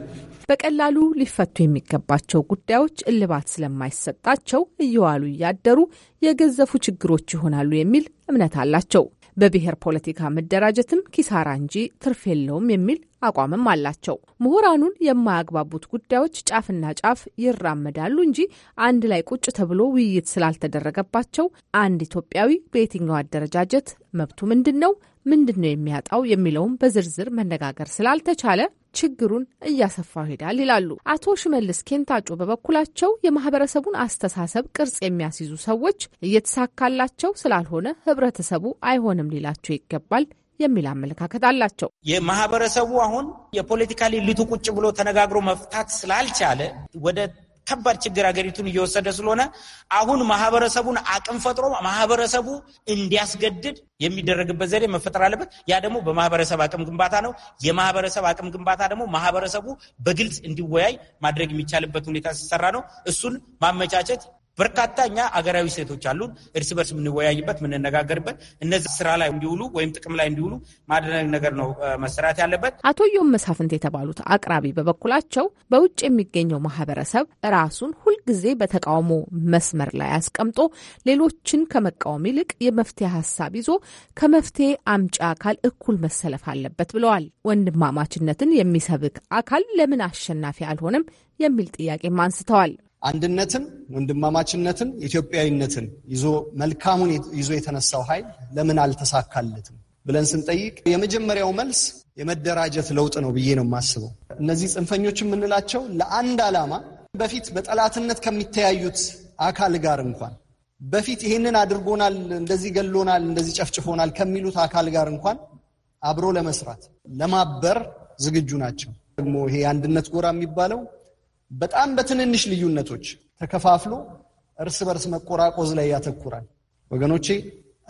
በቀላሉ ሊፈቱ የሚገባቸው ጉዳዮች እልባት ስለማይሰጣቸው እየዋሉ እያደሩ የገዘፉ ችግሮች ይሆናሉ የሚል እምነት አላቸው። በብሔር ፖለቲካ መደራጀትም ኪሳራ እንጂ ትርፍ የለውም የሚል አቋምም አላቸው። ምሁራኑን የማያግባቡት ጉዳዮች ጫፍና ጫፍ ይራመዳሉ እንጂ አንድ ላይ ቁጭ ተብሎ ውይይት ስላልተደረገባቸው አንድ ኢትዮጵያዊ በየትኛው አደረጃጀት መብቱ ምንድን ነው ምንድን ነው የሚያጣው የሚለውም በዝርዝር መነጋገር ስላልተቻለ ችግሩን እያሰፋው ሄዳል ይላሉ። አቶ ሽመልስ ኬንታጮ በበኩላቸው የማህበረሰቡን አስተሳሰብ ቅርጽ የሚያስይዙ ሰዎች እየተሳካላቸው ስላልሆነ ህብረተሰቡ አይሆንም ሊላቸው ይገባል የሚል አመለካከት አላቸው። የማህበረሰቡ አሁን የፖለቲካ ሊቱ ቁጭ ብሎ ተነጋግሮ መፍታት ስላልቻለ ወደ ከባድ ችግር ሀገሪቱን እየወሰደ ስለሆነ አሁን ማህበረሰቡን አቅም ፈጥሮ ማህበረሰቡ እንዲያስገድድ የሚደረግበት ዘዴ መፈጠር አለበት። ያ ደግሞ በማህበረሰብ አቅም ግንባታ ነው። የማህበረሰብ አቅም ግንባታ ደግሞ ማህበረሰቡ በግልጽ እንዲወያይ ማድረግ የሚቻልበት ሁኔታ ሲሰራ ነው። እሱን ማመቻቸት በርካታ እኛ አገራዊ ሴቶች አሉን፣ እርስ በርስ የምንወያይበት የምንነጋገርበት፣ እነዚህ ስራ ላይ እንዲውሉ ወይም ጥቅም ላይ እንዲውሉ ማድረግ ነገር ነው መሰራት ያለበት። አቶ ዮም መሳፍንት የተባሉት አቅራቢ በበኩላቸው በውጭ የሚገኘው ማህበረሰብ ራሱን ሁልጊዜ በተቃውሞ መስመር ላይ አስቀምጦ ሌሎችን ከመቃወም ይልቅ የመፍትሄ ሀሳብ ይዞ ከመፍትሄ አምጪ አካል እኩል መሰለፍ አለበት ብለዋል። ወንድማማችነትን የሚሰብክ አካል ለምን አሸናፊ አልሆነም የሚል ጥያቄም አንስተዋል። አንድነትን፣ ወንድማማችነትን፣ ኢትዮጵያዊነትን ይዞ መልካሙን ይዞ የተነሳው ኃይል ለምን አልተሳካለትም ብለን ስንጠይቅ የመጀመሪያው መልስ የመደራጀት ለውጥ ነው ብዬ ነው የማስበው። እነዚህ ጽንፈኞች የምንላቸው ለአንድ ዓላማ በፊት በጠላትነት ከሚተያዩት አካል ጋር እንኳን በፊት ይህንን አድርጎናል፣ እንደዚህ ገሎናል፣ እንደዚህ ጨፍጭፎናል ከሚሉት አካል ጋር እንኳን አብሮ ለመስራት ለማበር ዝግጁ ናቸው። ደግሞ ይሄ የአንድነት ጎራ የሚባለው በጣም በትንንሽ ልዩነቶች ተከፋፍሎ እርስ በርስ መቆራቆዝ ላይ ያተኩራል። ወገኖቼ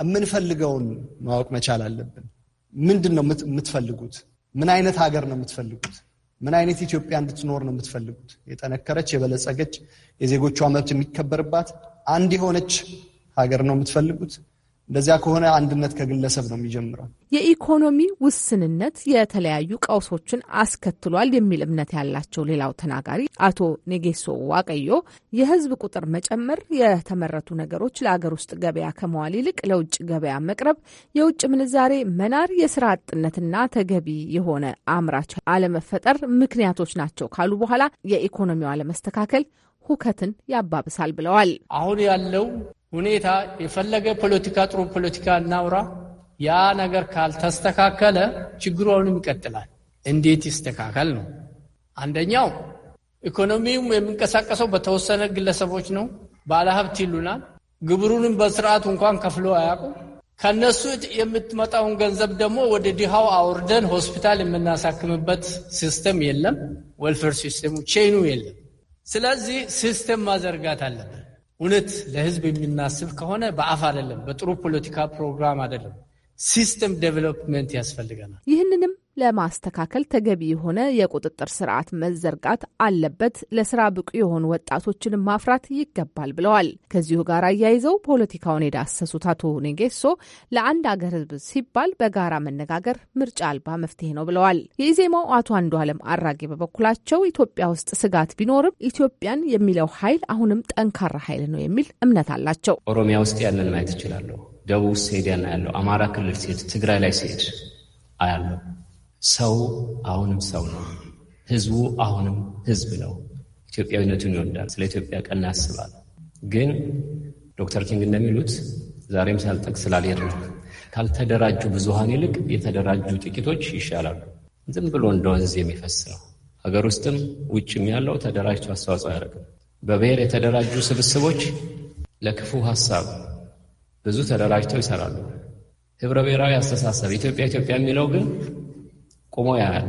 የምንፈልገውን ማወቅ መቻል አለብን። ምንድን ነው የምትፈልጉት? ምን አይነት ሀገር ነው የምትፈልጉት? ምን አይነት ኢትዮጵያ እንድትኖር ነው የምትፈልጉት? የጠነከረች፣ የበለጸገች፣ የዜጎቿ መብት የሚከበርባት አንድ የሆነች ሀገር ነው የምትፈልጉት? እንደዚያ ከሆነ አንድነት ከግለሰብ ነው የሚጀምረው። የኢኮኖሚ ውስንነት የተለያዩ ቀውሶችን አስከትሏል የሚል እምነት ያላቸው ሌላው ተናጋሪ አቶ ኔጌሶ ዋቀዮ የህዝብ ቁጥር መጨመር የተመረቱ ነገሮች ለአገር ውስጥ ገበያ ከመዋል ይልቅ ለውጭ ገበያ መቅረብ፣ የውጭ ምንዛሬ መናር፣ የስራ አጥነትና ተገቢ የሆነ አምራች አለመፈጠር ምክንያቶች ናቸው ካሉ በኋላ የኢኮኖሚው አለመስተካከል ሁከትን ያባብሳል ብለዋል። አሁን ያለው ሁኔታ የፈለገ ፖለቲካ ጥሩ ፖለቲካ እናውራ፣ ያ ነገር ካልተስተካከለ ችግሩ አሁንም ይቀጥላል። እንዴት ይስተካከል ነው? አንደኛው ኢኮኖሚውም የሚንቀሳቀሰው በተወሰነ ግለሰቦች ነው። ባለሀብት ይሉናል። ግብሩንም በስርዓቱ እንኳን ከፍሎ አያውቁም። ከነሱ የምትመጣውን ገንዘብ ደግሞ ወደ ድሃው አውርደን ሆስፒታል የምናሳክምበት ሲስተም የለም። ዌልፌር ሲስተሙ ቼኑ የለም። ስለዚህ ሲስተም ማዘርጋት አለብን። እውነት ለህዝብ የሚናስብ ከሆነ በአፍ አይደለም፣ በጥሩ ፖለቲካ ፕሮግራም አይደለም፣ ሲስተም ዴቨሎፕመንት ያስፈልገናል። ይህንንም ለማስተካከል ተገቢ የሆነ የቁጥጥር ስርዓት መዘርጋት አለበት። ለስራ ብቁ የሆኑ ወጣቶችንም ማፍራት ይገባል ብለዋል። ከዚሁ ጋር አያይዘው ፖለቲካውን የዳሰሱት አቶ ኔጌሶ ለአንድ አገር ሕዝብ ሲባል በጋራ መነጋገር ምርጫ አልባ መፍትሄ ነው ብለዋል። የኢዜማው አቶ አንዱ አለም አራጌ በበኩላቸው ኢትዮጵያ ውስጥ ስጋት ቢኖርም ኢትዮጵያን የሚለው ኃይል አሁንም ጠንካራ ኃይል ነው የሚል እምነት አላቸው። ኦሮሚያ ውስጥ ያንን ማየት ይችላለሁ ደቡብ ስሄድ ያና ያለው አማራ ክልል ስሄድ ትግራይ ላይ ስሄድ አያለው። ሰው አሁንም ሰው ነው። ህዝቡ አሁንም ህዝብ ነው። ኢትዮጵያዊነቱን ይወዳል። ስለ ኢትዮጵያ ቀና ያስባል። ግን ዶክተር ኪንግ እንደሚሉት ዛሬም ሳልጠቅስ ስላልሄድ ነው ካልተደራጁ ብዙሃን ይልቅ የተደራጁ ጥቂቶች ይሻላሉ። ዝም ብሎ እንደ ወንዝ የሚፈስ ነው። ሀገር ውስጥም ውጭም ያለው ተደራጅቶ አስተዋጽኦ አያደርግም። በብሔር የተደራጁ ስብስቦች ለክፉ ሀሳብ ብዙ ተደራጅተው ይሰራሉ። ህብረ ብሔራዊ አስተሳሰብ ኢትዮጵያ ኢትዮጵያ የሚለው ግን ቁሞ ያያል።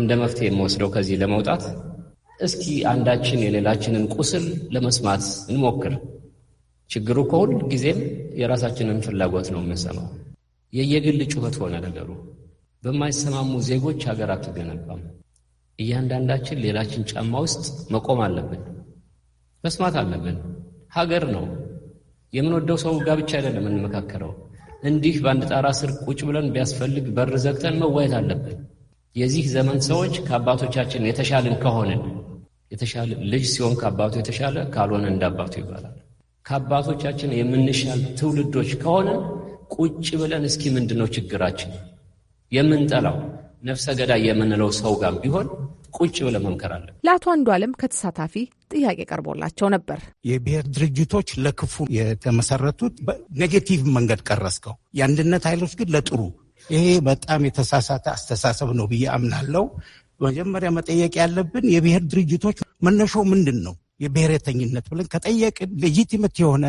እንደ መፍትሄ የምወስደው ከዚህ ለመውጣት እስኪ አንዳችን የሌላችንን ቁስል ለመስማት እንሞክር። ችግሩ ከሁል ጊዜም የራሳችንን ፍላጎት ነው የምንሰማው። የየግል ጩኸት ሆነ ነገሩ። በማይሰማሙ ዜጎች ሀገር አትገነባም። እያንዳንዳችን ሌላችን ጫማ ውስጥ መቆም አለብን፣ መስማት አለብን። ሀገር ነው የምንወደው ሰው ጋ ብቻ አይደለም የምንመካከረው። እንዲህ በአንድ ጣራ ስር ቁጭ ብለን ቢያስፈልግ በር ዘግተን መዋየት አለብን። የዚህ ዘመን ሰዎች ከአባቶቻችን የተሻልን ከሆንን የተሻለ ልጅ ሲሆን ከአባቱ የተሻለ ካልሆነ እንደ አባቱ ይባላል። ከአባቶቻችን የምንሻል ትውልዶች ከሆነ ቁጭ ብለን እስኪ ምንድን ነው ችግራችን የምንጠላው ነፍሰ ገዳይ የምንለው ሰው ጋር ቢሆን ቁጭ ብለን መምከር አለ። ለአቶ አንዱ አለም ከተሳታፊ ጥያቄ ቀርቦላቸው ነበር። የብሔር ድርጅቶች ለክፉ የተመሰረቱት በኔጌቲቭ መንገድ ቀረስከው፣ የአንድነት ኃይሎች ግን ለጥሩ። ይሄ በጣም የተሳሳተ አስተሳሰብ ነው ብዬ አምናለው። መጀመሪያ መጠየቅ ያለብን የብሔር ድርጅቶች መነሻው ምንድን ነው? የብሔረተኝነት ብለን ከጠየቅን ሌጂቲመት የሆነ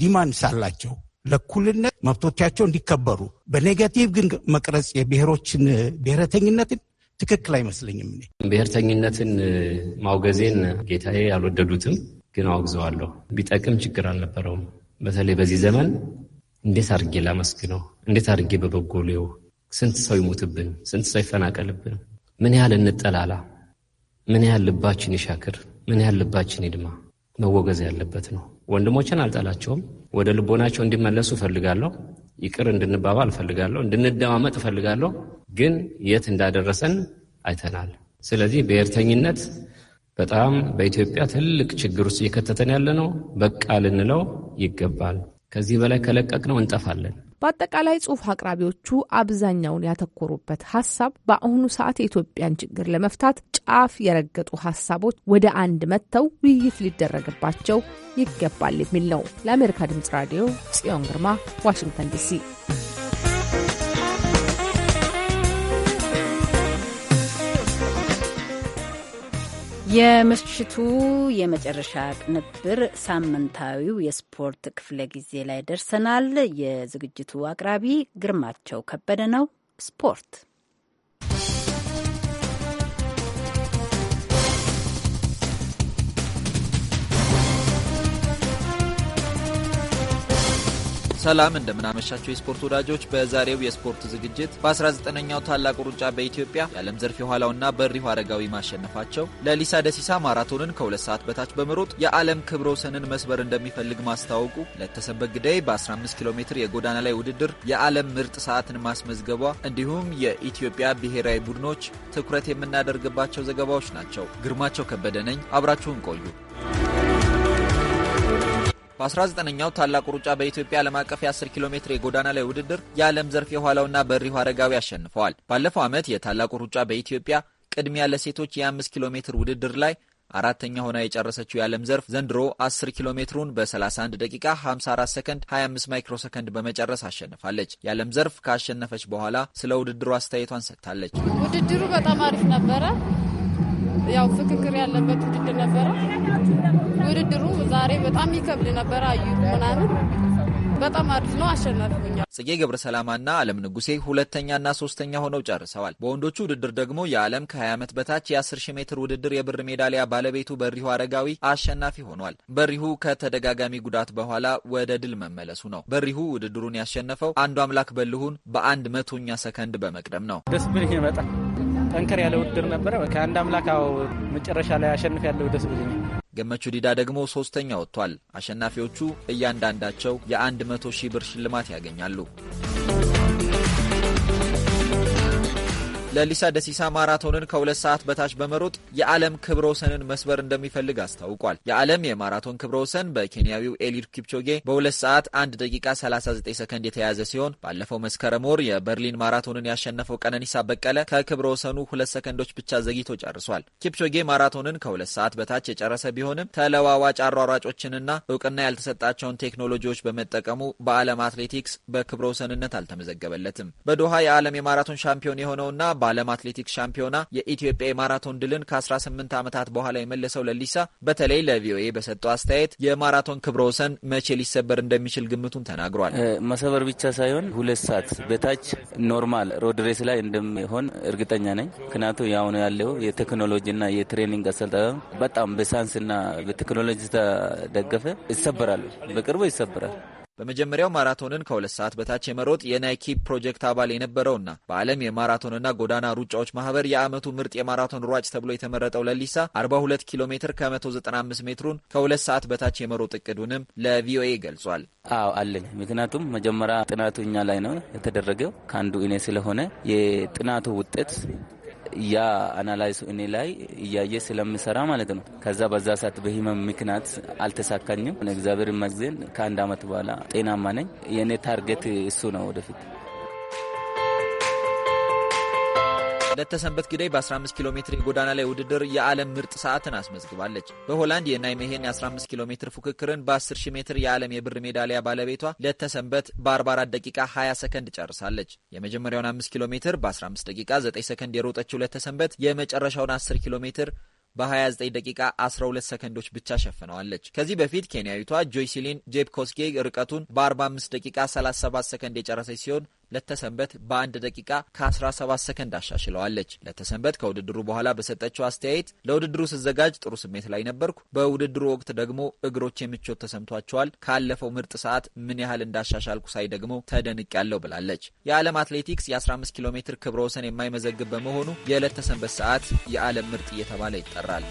ዲማንድስ አላቸው ለእኩልነት መብቶቻቸው እንዲከበሩ። በኔጋቲቭ ግን መቅረጽ የብሔሮችን ብሔረተኝነትን ትክክል አይመስለኝም። ብሔርተኝነትን ማውገዜን ጌታዬ አልወደዱትም፣ ግን አውግዘዋለሁ። ቢጠቅም ችግር አልነበረውም። በተለይ በዚህ ዘመን እንዴት አድርጌ ላመስግነው? እንዴት አድርጌ በበጎ ስንት ሰው ይሞትብን፣ ስንት ሰው ይፈናቀልብን፣ ምን ያህል እንጠላላ፣ ምን ያህል ልባችን ይሻክር፣ ምን ያህል ልባችን ይድማ። መወገዝ ያለበት ነው። ወንድሞችን አልጠላቸውም። ወደ ልቦናቸው እንዲመለሱ እፈልጋለሁ። ይቅር እንድንባባል እፈልጋለሁ፣ እንድንደማመጥ እፈልጋለሁ። ግን የት እንዳደረሰን አይተናል። ስለዚህ ብሔርተኝነት በጣም በኢትዮጵያ ትልቅ ችግር ውስጥ እየከተተን ያለ ነው። በቃ ልንለው ይገባል። ከዚህ በላይ ከለቀቅ ነው እንጠፋለን። በአጠቃላይ ጽሑፍ አቅራቢዎቹ አብዛኛውን ያተኮሩበት ሀሳብ በአሁኑ ሰዓት የኢትዮጵያን ችግር ለመፍታት አፍ የረገጡ ሀሳቦች ወደ አንድ መጥተው ውይይት ሊደረግባቸው ይገባል የሚል ነው። ለአሜሪካ ድምጽ ራዲዮ ጽዮን ግርማ ዋሽንግተን ዲሲ። የምሽቱ የመጨረሻ ቅንብር ሳምንታዊው የስፖርት ክፍለ ጊዜ ላይ ደርሰናል። የዝግጅቱ አቅራቢ ግርማቸው ከበደ ነው። ስፖርት ሰላም እንደምናመሻቸው የስፖርት ወዳጆች። በዛሬው የስፖርት ዝግጅት በ19ኛው ታላቁ ሩጫ በኢትዮጵያ የዓለም ዘርፍ የኋላውና በሪሁ አረጋዊ ማሸነፋቸው፣ ለሊሳ ደሲሳ ማራቶንን ከሁለት ሰዓት በታች በመሮጥ የዓለም ክብረ ወሰንን መስበር እንደሚፈልግ ማስታወቁ፣ ለተሰንበት ግዳይ በ15 ኪሎ ሜትር የጎዳና ላይ ውድድር የዓለም ምርጥ ሰዓትን ማስመዝገቧ እንዲሁም የኢትዮጵያ ብሔራዊ ቡድኖች ትኩረት የምናደርግባቸው ዘገባዎች ናቸው። ግርማቸው ከበደ ነኝ። አብራችሁን ቆዩ። በ19ኛው ታላቁ ሩጫ በኢትዮጵያ ዓለም አቀፍ የ10 ኪሎ ሜትር የጎዳና ላይ ውድድር የዓለም ዘርፍ የኋላውና በሪሁ አረጋዊ አሸንፈዋል። ባለፈው ዓመት የታላቁ ሩጫ በኢትዮጵያ ቅድሚያ ለሴቶች የ5 ኪሎ ሜትር ውድድር ላይ አራተኛ ሆና የጨረሰችው የዓለም ዘርፍ ዘንድሮ 10 ኪሎ ሜትሩን በ31 ደቂቃ 54 ሰከንድ 25 ማይክሮ ሰከንድ በመጨረስ አሸንፋለች። የዓለም ዘርፍ ካሸነፈች በኋላ ስለ ውድድሩ አስተያየቷን ሰጥታለች። ውድድሩ በጣም አሪፍ ነበረ። ያው ፍክክር ያለበት ውድድር ነበረ። ውድድሩ ዛሬ በጣም ይከብድ ነበረ። አዩ ምናምን በጣም አሪፍ ነው። አሸናፊኛ ጽጌ ገብረ ሰላማና አለም ንጉሴ ሁለተኛና ሶስተኛ ሆነው ጨርሰዋል። በወንዶቹ ውድድር ደግሞ የዓለም ከ20 ዓመት በታች የ10 ሺህ ሜትር ውድድር የብር ሜዳሊያ ባለቤቱ በሪሁ አረጋዊ አሸናፊ ሆኗል። በሪሁ ከተደጋጋሚ ጉዳት በኋላ ወደ ድል መመለሱ ነው። በሪሁ ውድድሩን ያሸነፈው አንዱ አምላክ በልሁን በአንድ መቶኛ ሰከንድ በመቅደም ነው። ደስ ብል ጠንከር ያለ ውድድር ነበረ። ከአንድ አምላክ መጨረሻ ላይ አሸንፍ ያለው ደስ ብሎኛል። ገመቹ ዲዳ ደግሞ ሶስተኛ ወጥቷል። አሸናፊዎቹ እያንዳንዳቸው የአንድ መቶ ሺህ ብር ሽልማት ያገኛሉ። ለሊሳ ደሲሳ ማራቶንን ከሁለት ሰዓት በታች በመሮጥ የዓለም ክብረ ወሰንን መስበር እንደሚፈልግ አስታውቋል። የዓለም የማራቶን ክብረ ወሰን በኬንያዊው ኤሊድ ኪፕቾጌ በሁለት ሰዓት አንድ ደቂቃ 39 ሰከንድ የተያዘ ሲሆን ባለፈው መስከረም ወር የበርሊን ማራቶንን ያሸነፈው ቀነኒሳ በቀለ ከክብረ ወሰኑ ሁለት ሰከንዶች ብቻ ዘግይቶ ጨርሷል። ኪፕቾጌ ማራቶንን ከሁለት ሰዓት በታች የጨረሰ ቢሆንም ተለዋዋጭ አሯሯጮችንና እውቅና ያልተሰጣቸውን ቴክኖሎጂዎች በመጠቀሙ በዓለም አትሌቲክስ በክብረ ወሰንነት አልተመዘገበለትም። በዶሃ የዓለም የማራቶን ሻምፒዮን የሆነውና በዓለም አትሌቲክስ ሻምፒዮና የኢትዮጵያ የማራቶን ድልን ከ18 ዓመታት በኋላ የመለሰው ለሊሳ በተለይ ለቪኦኤ በሰጠው አስተያየት የማራቶን ክብረ ወሰን መቼ ሊሰበር እንደሚችል ግምቱን ተናግሯል። መሰበር ብቻ ሳይሆን ሁለት ሰዓት በታች ኖርማል ሮድ ሬስ ላይ እንደሚሆን እርግጠኛ ነኝ። ምክንያቱ የአሁኑ ያለው የቴክኖሎጂና የትሬኒንግ አሰልጣን በጣም በሳይንስና በቴክኖሎጂ ተደገፈ ይሰበራል። በቅርቡ ይሰበራል። በመጀመሪያው ማራቶንን ከሁለት ሰዓት በታች የመሮጥ የናይኪ ፕሮጀክት አባል የነበረውና በዓለም የማራቶንና ጎዳና ሩጫዎች ማህበር የአመቱ ምርጥ የማራቶን ሯጭ ተብሎ የተመረጠው ለሊሳ 42 ኪሎ ሜትር ከ195 ሜትሩን ከሁለት ሰዓት በታች የመሮጥ እቅዱንም ለቪኦኤ ገልጿል። አዎ አለኝ። ምክንያቱም መጀመሪያ ጥናቱ እኛ ላይ ነው የተደረገው ከአንዱ እኔ ስለሆነ የጥናቱ ውጤት ያ አናላይዝ እኔ ላይ እያየ ስለምሰራ ማለት ነው። ከዛ በዛ ሰዓት በህመም ምክንያት አልተሳካኝም። እግዚአብሔር ይመስገን ከአንድ አመት በኋላ ጤናማ ነኝ። የእኔ ታርጌት እሱ ነው ወደፊት ለተሰንበት ግዳይ በ15 ኪሎ ሜትር የጎዳና ላይ ውድድር የዓለም ምርጥ ሰዓትን አስመዝግባለች። በሆላንድ የናይሜሄን የ15 ኪሎ ሜትር ፉክክርን በ10 ሺህ ሜትር የዓለም የብር ሜዳሊያ ባለቤቷ ለተሰንበት በ44 ደቂቃ 20 ሰከንድ ጨርሳለች። የመጀመሪያውን 5 ኪሎ ሜትር በ15 ደቂቃ 9 ሰከንድ የሮጠችው ለተሰንበት የመጨረሻውን 10 ኪሎ ሜትር በ29 ደቂቃ 12 ሰከንዶች ብቻ ሸፍነዋለች። ከዚህ በፊት ኬንያዊቷ ጆይሲሊን ጄፕ ኮስጌ ርቀቱን በ45 ደቂቃ 37 ሰከንድ የጨረሰች ሲሆን ለተሰንበት በአንድ ደቂቃ ከ17 ሰከንድ አሻሽለዋለች። ለተሰንበት ከውድድሩ በኋላ በሰጠችው አስተያየት ለውድድሩ ስዘጋጅ ጥሩ ስሜት ላይ ነበርኩ። በውድድሩ ወቅት ደግሞ እግሮች የምቾት ተሰምቷቸዋል። ካለፈው ምርጥ ሰዓት ምን ያህል እንዳሻሻልኩ ሳይ ደግሞ ተደንቅ ያለው ብላለች። የዓለም አትሌቲክስ የ15 ኪሎ ሜትር ክብረ ወሰን የማይመዘግብ በመሆኑ የዕለት ተሰንበት ሰዓት የዓለም ምርጥ እየተባለ ይጠራል።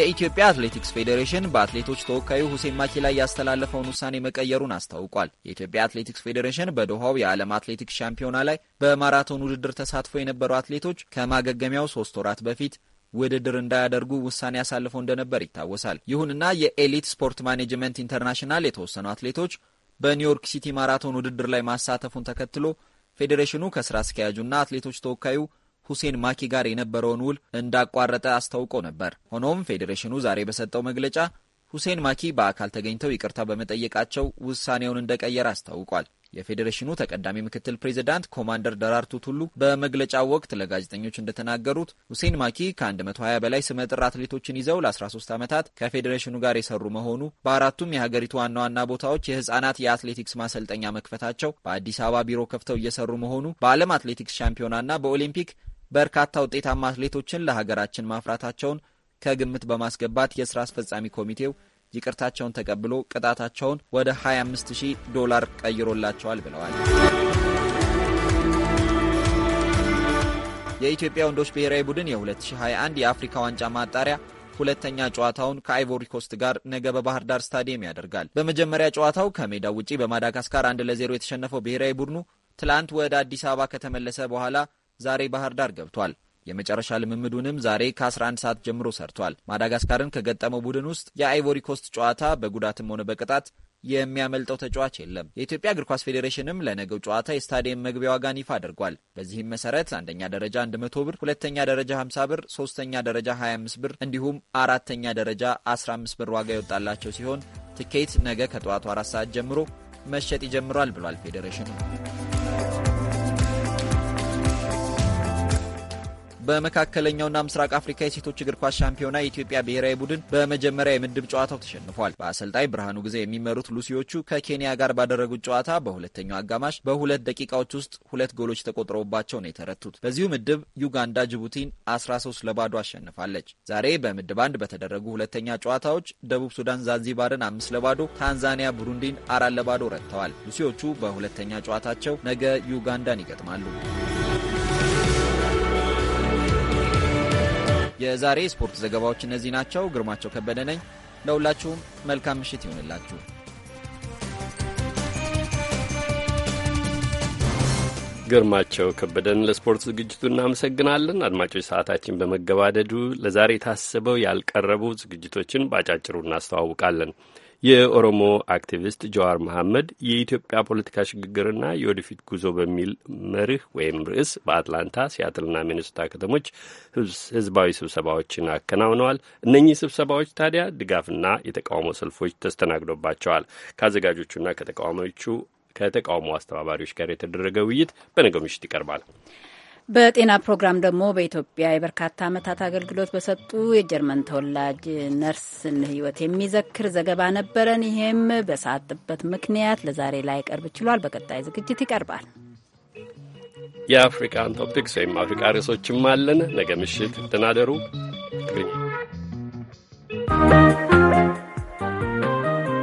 የኢትዮጵያ አትሌቲክስ ፌዴሬሽን በአትሌቶች ተወካዩ ሁሴን ማኪ ላይ ያስተላለፈውን ውሳኔ መቀየሩን አስታውቋል። የኢትዮጵያ አትሌቲክስ ፌዴሬሽን በዶሃው የዓለም አትሌቲክስ ሻምፒዮና ላይ በማራቶን ውድድር ተሳትፎ የነበሩ አትሌቶች ከማገገሚያው ሶስት ወራት በፊት ውድድር እንዳያደርጉ ውሳኔ አሳልፈው እንደነበር ይታወሳል። ይሁንና የኤሊት ስፖርት ማኔጅመንት ኢንተርናሽናል የተወሰኑ አትሌቶች በኒውዮርክ ሲቲ ማራቶን ውድድር ላይ ማሳተፉን ተከትሎ ፌዴሬሽኑ ከስራ አስኪያጁና አትሌቶች ተወካዩ ሁሴን ማኪ ጋር የነበረውን ውል እንዳቋረጠ አስታውቆ ነበር። ሆኖም ፌዴሬሽኑ ዛሬ በሰጠው መግለጫ ሁሴን ማኪ በአካል ተገኝተው ይቅርታ በመጠየቃቸው ውሳኔውን እንደቀየረ አስታውቋል። የፌዴሬሽኑ ተቀዳሚ ምክትል ፕሬዚዳንት ኮማንደር ደራርቱ ቱሉ በመግለጫው ወቅት ለጋዜጠኞች እንደተናገሩት ሁሴን ማኪ ከ120 በላይ ስመጥር አትሌቶችን ይዘው ለ13 ዓመታት ከፌዴሬሽኑ ጋር የሰሩ መሆኑ፣ በአራቱም የሀገሪቱ ዋና ዋና ቦታዎች የህፃናት የአትሌቲክስ ማሰልጠኛ መክፈታቸው፣ በአዲስ አበባ ቢሮ ከፍተው እየሰሩ መሆኑ፣ በዓለም አትሌቲክስ ሻምፒዮናና በኦሊምፒክ በርካታ ውጤታማ አትሌቶችን ለሀገራችን ማፍራታቸውን ከግምት በማስገባት የስራ አስፈጻሚ ኮሚቴው ይቅርታቸውን ተቀብሎ ቅጣታቸውን ወደ 25000 ዶላር ቀይሮላቸዋል ብለዋል። የኢትዮጵያ ወንዶች ብሔራዊ ቡድን የ2021 የአፍሪካ ዋንጫ ማጣሪያ ሁለተኛ ጨዋታውን ከአይቮሪ ኮስት ጋር ነገ በባህር ዳር ስታዲየም ያደርጋል። በመጀመሪያ ጨዋታው ከሜዳው ውጪ በማዳጋስካር አንድ ለዜሮ የተሸነፈው ብሔራዊ ቡድኑ ትላንት ወደ አዲስ አበባ ከተመለሰ በኋላ ዛሬ ባህር ዳር ገብቷል። የመጨረሻ ልምምዱንም ዛሬ ከ11 ሰዓት ጀምሮ ሰርቷል። ማዳጋስካርን ከገጠመው ቡድን ውስጥ የአይቮሪ ኮስት ጨዋታ በጉዳትም ሆነ በቅጣት የሚያመልጠው ተጫዋች የለም። የኢትዮጵያ እግር ኳስ ፌዴሬሽንም ለነገው ጨዋታ የስታዲየም መግቢያ ዋጋን ይፋ አድርጓል። በዚህም መሰረት አንደኛ ደረጃ 100 ብር፣ ሁለተኛ ደረጃ 50 ብር፣ ሶስተኛ ደረጃ 25 ብር እንዲሁም አራተኛ ደረጃ 15 ብር ዋጋ ይወጣላቸው ሲሆን ትኬት ነገ ከጠዋቱ አራት ሰዓት ጀምሮ መሸጥ ይጀምሯል ብሏል ፌዴሬሽኑ። በመካከለኛውና ምስራቅ አፍሪካ የሴቶች እግር ኳስ ሻምፒዮና የኢትዮጵያ ብሔራዊ ቡድን በመጀመሪያ የምድብ ጨዋታው ተሸንፏል። በአሰልጣኝ ብርሃኑ ጊዜ የሚመሩት ሉሲዎቹ ከኬንያ ጋር ባደረጉት ጨዋታ በሁለተኛው አጋማሽ በሁለት ደቂቃዎች ውስጥ ሁለት ጎሎች ተቆጥረውባቸው ነው የተረቱት። በዚሁ ምድብ ዩጋንዳ ጅቡቲን 13 ለባዶ አሸንፋለች። ዛሬ በምድብ አንድ በተደረጉ ሁለተኛ ጨዋታዎች ደቡብ ሱዳን ዛንዚባርን አምስት ለባዶ፣ ታንዛኒያ ቡሩንዲን አራት ለባዶ ረትተዋል። ሉሲዎቹ በሁለተኛ ጨዋታቸው ነገ ዩጋንዳን ይገጥማሉ። የዛሬ ስፖርት ዘገባዎች እነዚህ ናቸው። ግርማቸው ከበደ ነኝ። ለሁላችሁም መልካም ምሽት ይሆንላችሁ። ግርማቸው ከበደን ለስፖርት ዝግጅቱ እናመሰግናለን። አድማጮች፣ ሰዓታችን በመገባደዱ ለዛሬ የታሰበው ያልቀረቡ ዝግጅቶችን በአጫጭሩ እናስተዋውቃለን። የኦሮሞ አክቲቪስት ጀዋር መሐመድ የኢትዮጵያ ፖለቲካ ሽግግርና የወደፊት ጉዞ በሚል መርህ ወይም ርዕስ በአትላንታ ሲያትልና ሚኒሶታ ከተሞች ህዝባዊ ስብሰባዎችን አከናውነዋል። እነኚህ ስብሰባዎች ታዲያ ድጋፍና የተቃውሞ ሰልፎች ተስተናግዶባቸዋል። ከአዘጋጆቹና ከተቃዋሚዎቹ ከተቃውሞ አስተባባሪዎች ጋር የተደረገ ውይይት በነገው ምሽት ይቀርባል። በጤና ፕሮግራም ደግሞ በኢትዮጵያ የበርካታ ዓመታት አገልግሎት በሰጡ የጀርመን ተወላጅ ነርስን ሕይወት የሚዘክር ዘገባ ነበረን። ይህም በሰዓት ጥበት ምክንያት ለዛሬ ላይ ቀርብ ችሏል። በቀጣይ ዝግጅት ይቀርባል። የአፍሪካን ቶፒክስ ወይም አፍሪካ ርዕሶችም አለን። ነገ ምሽት ደህና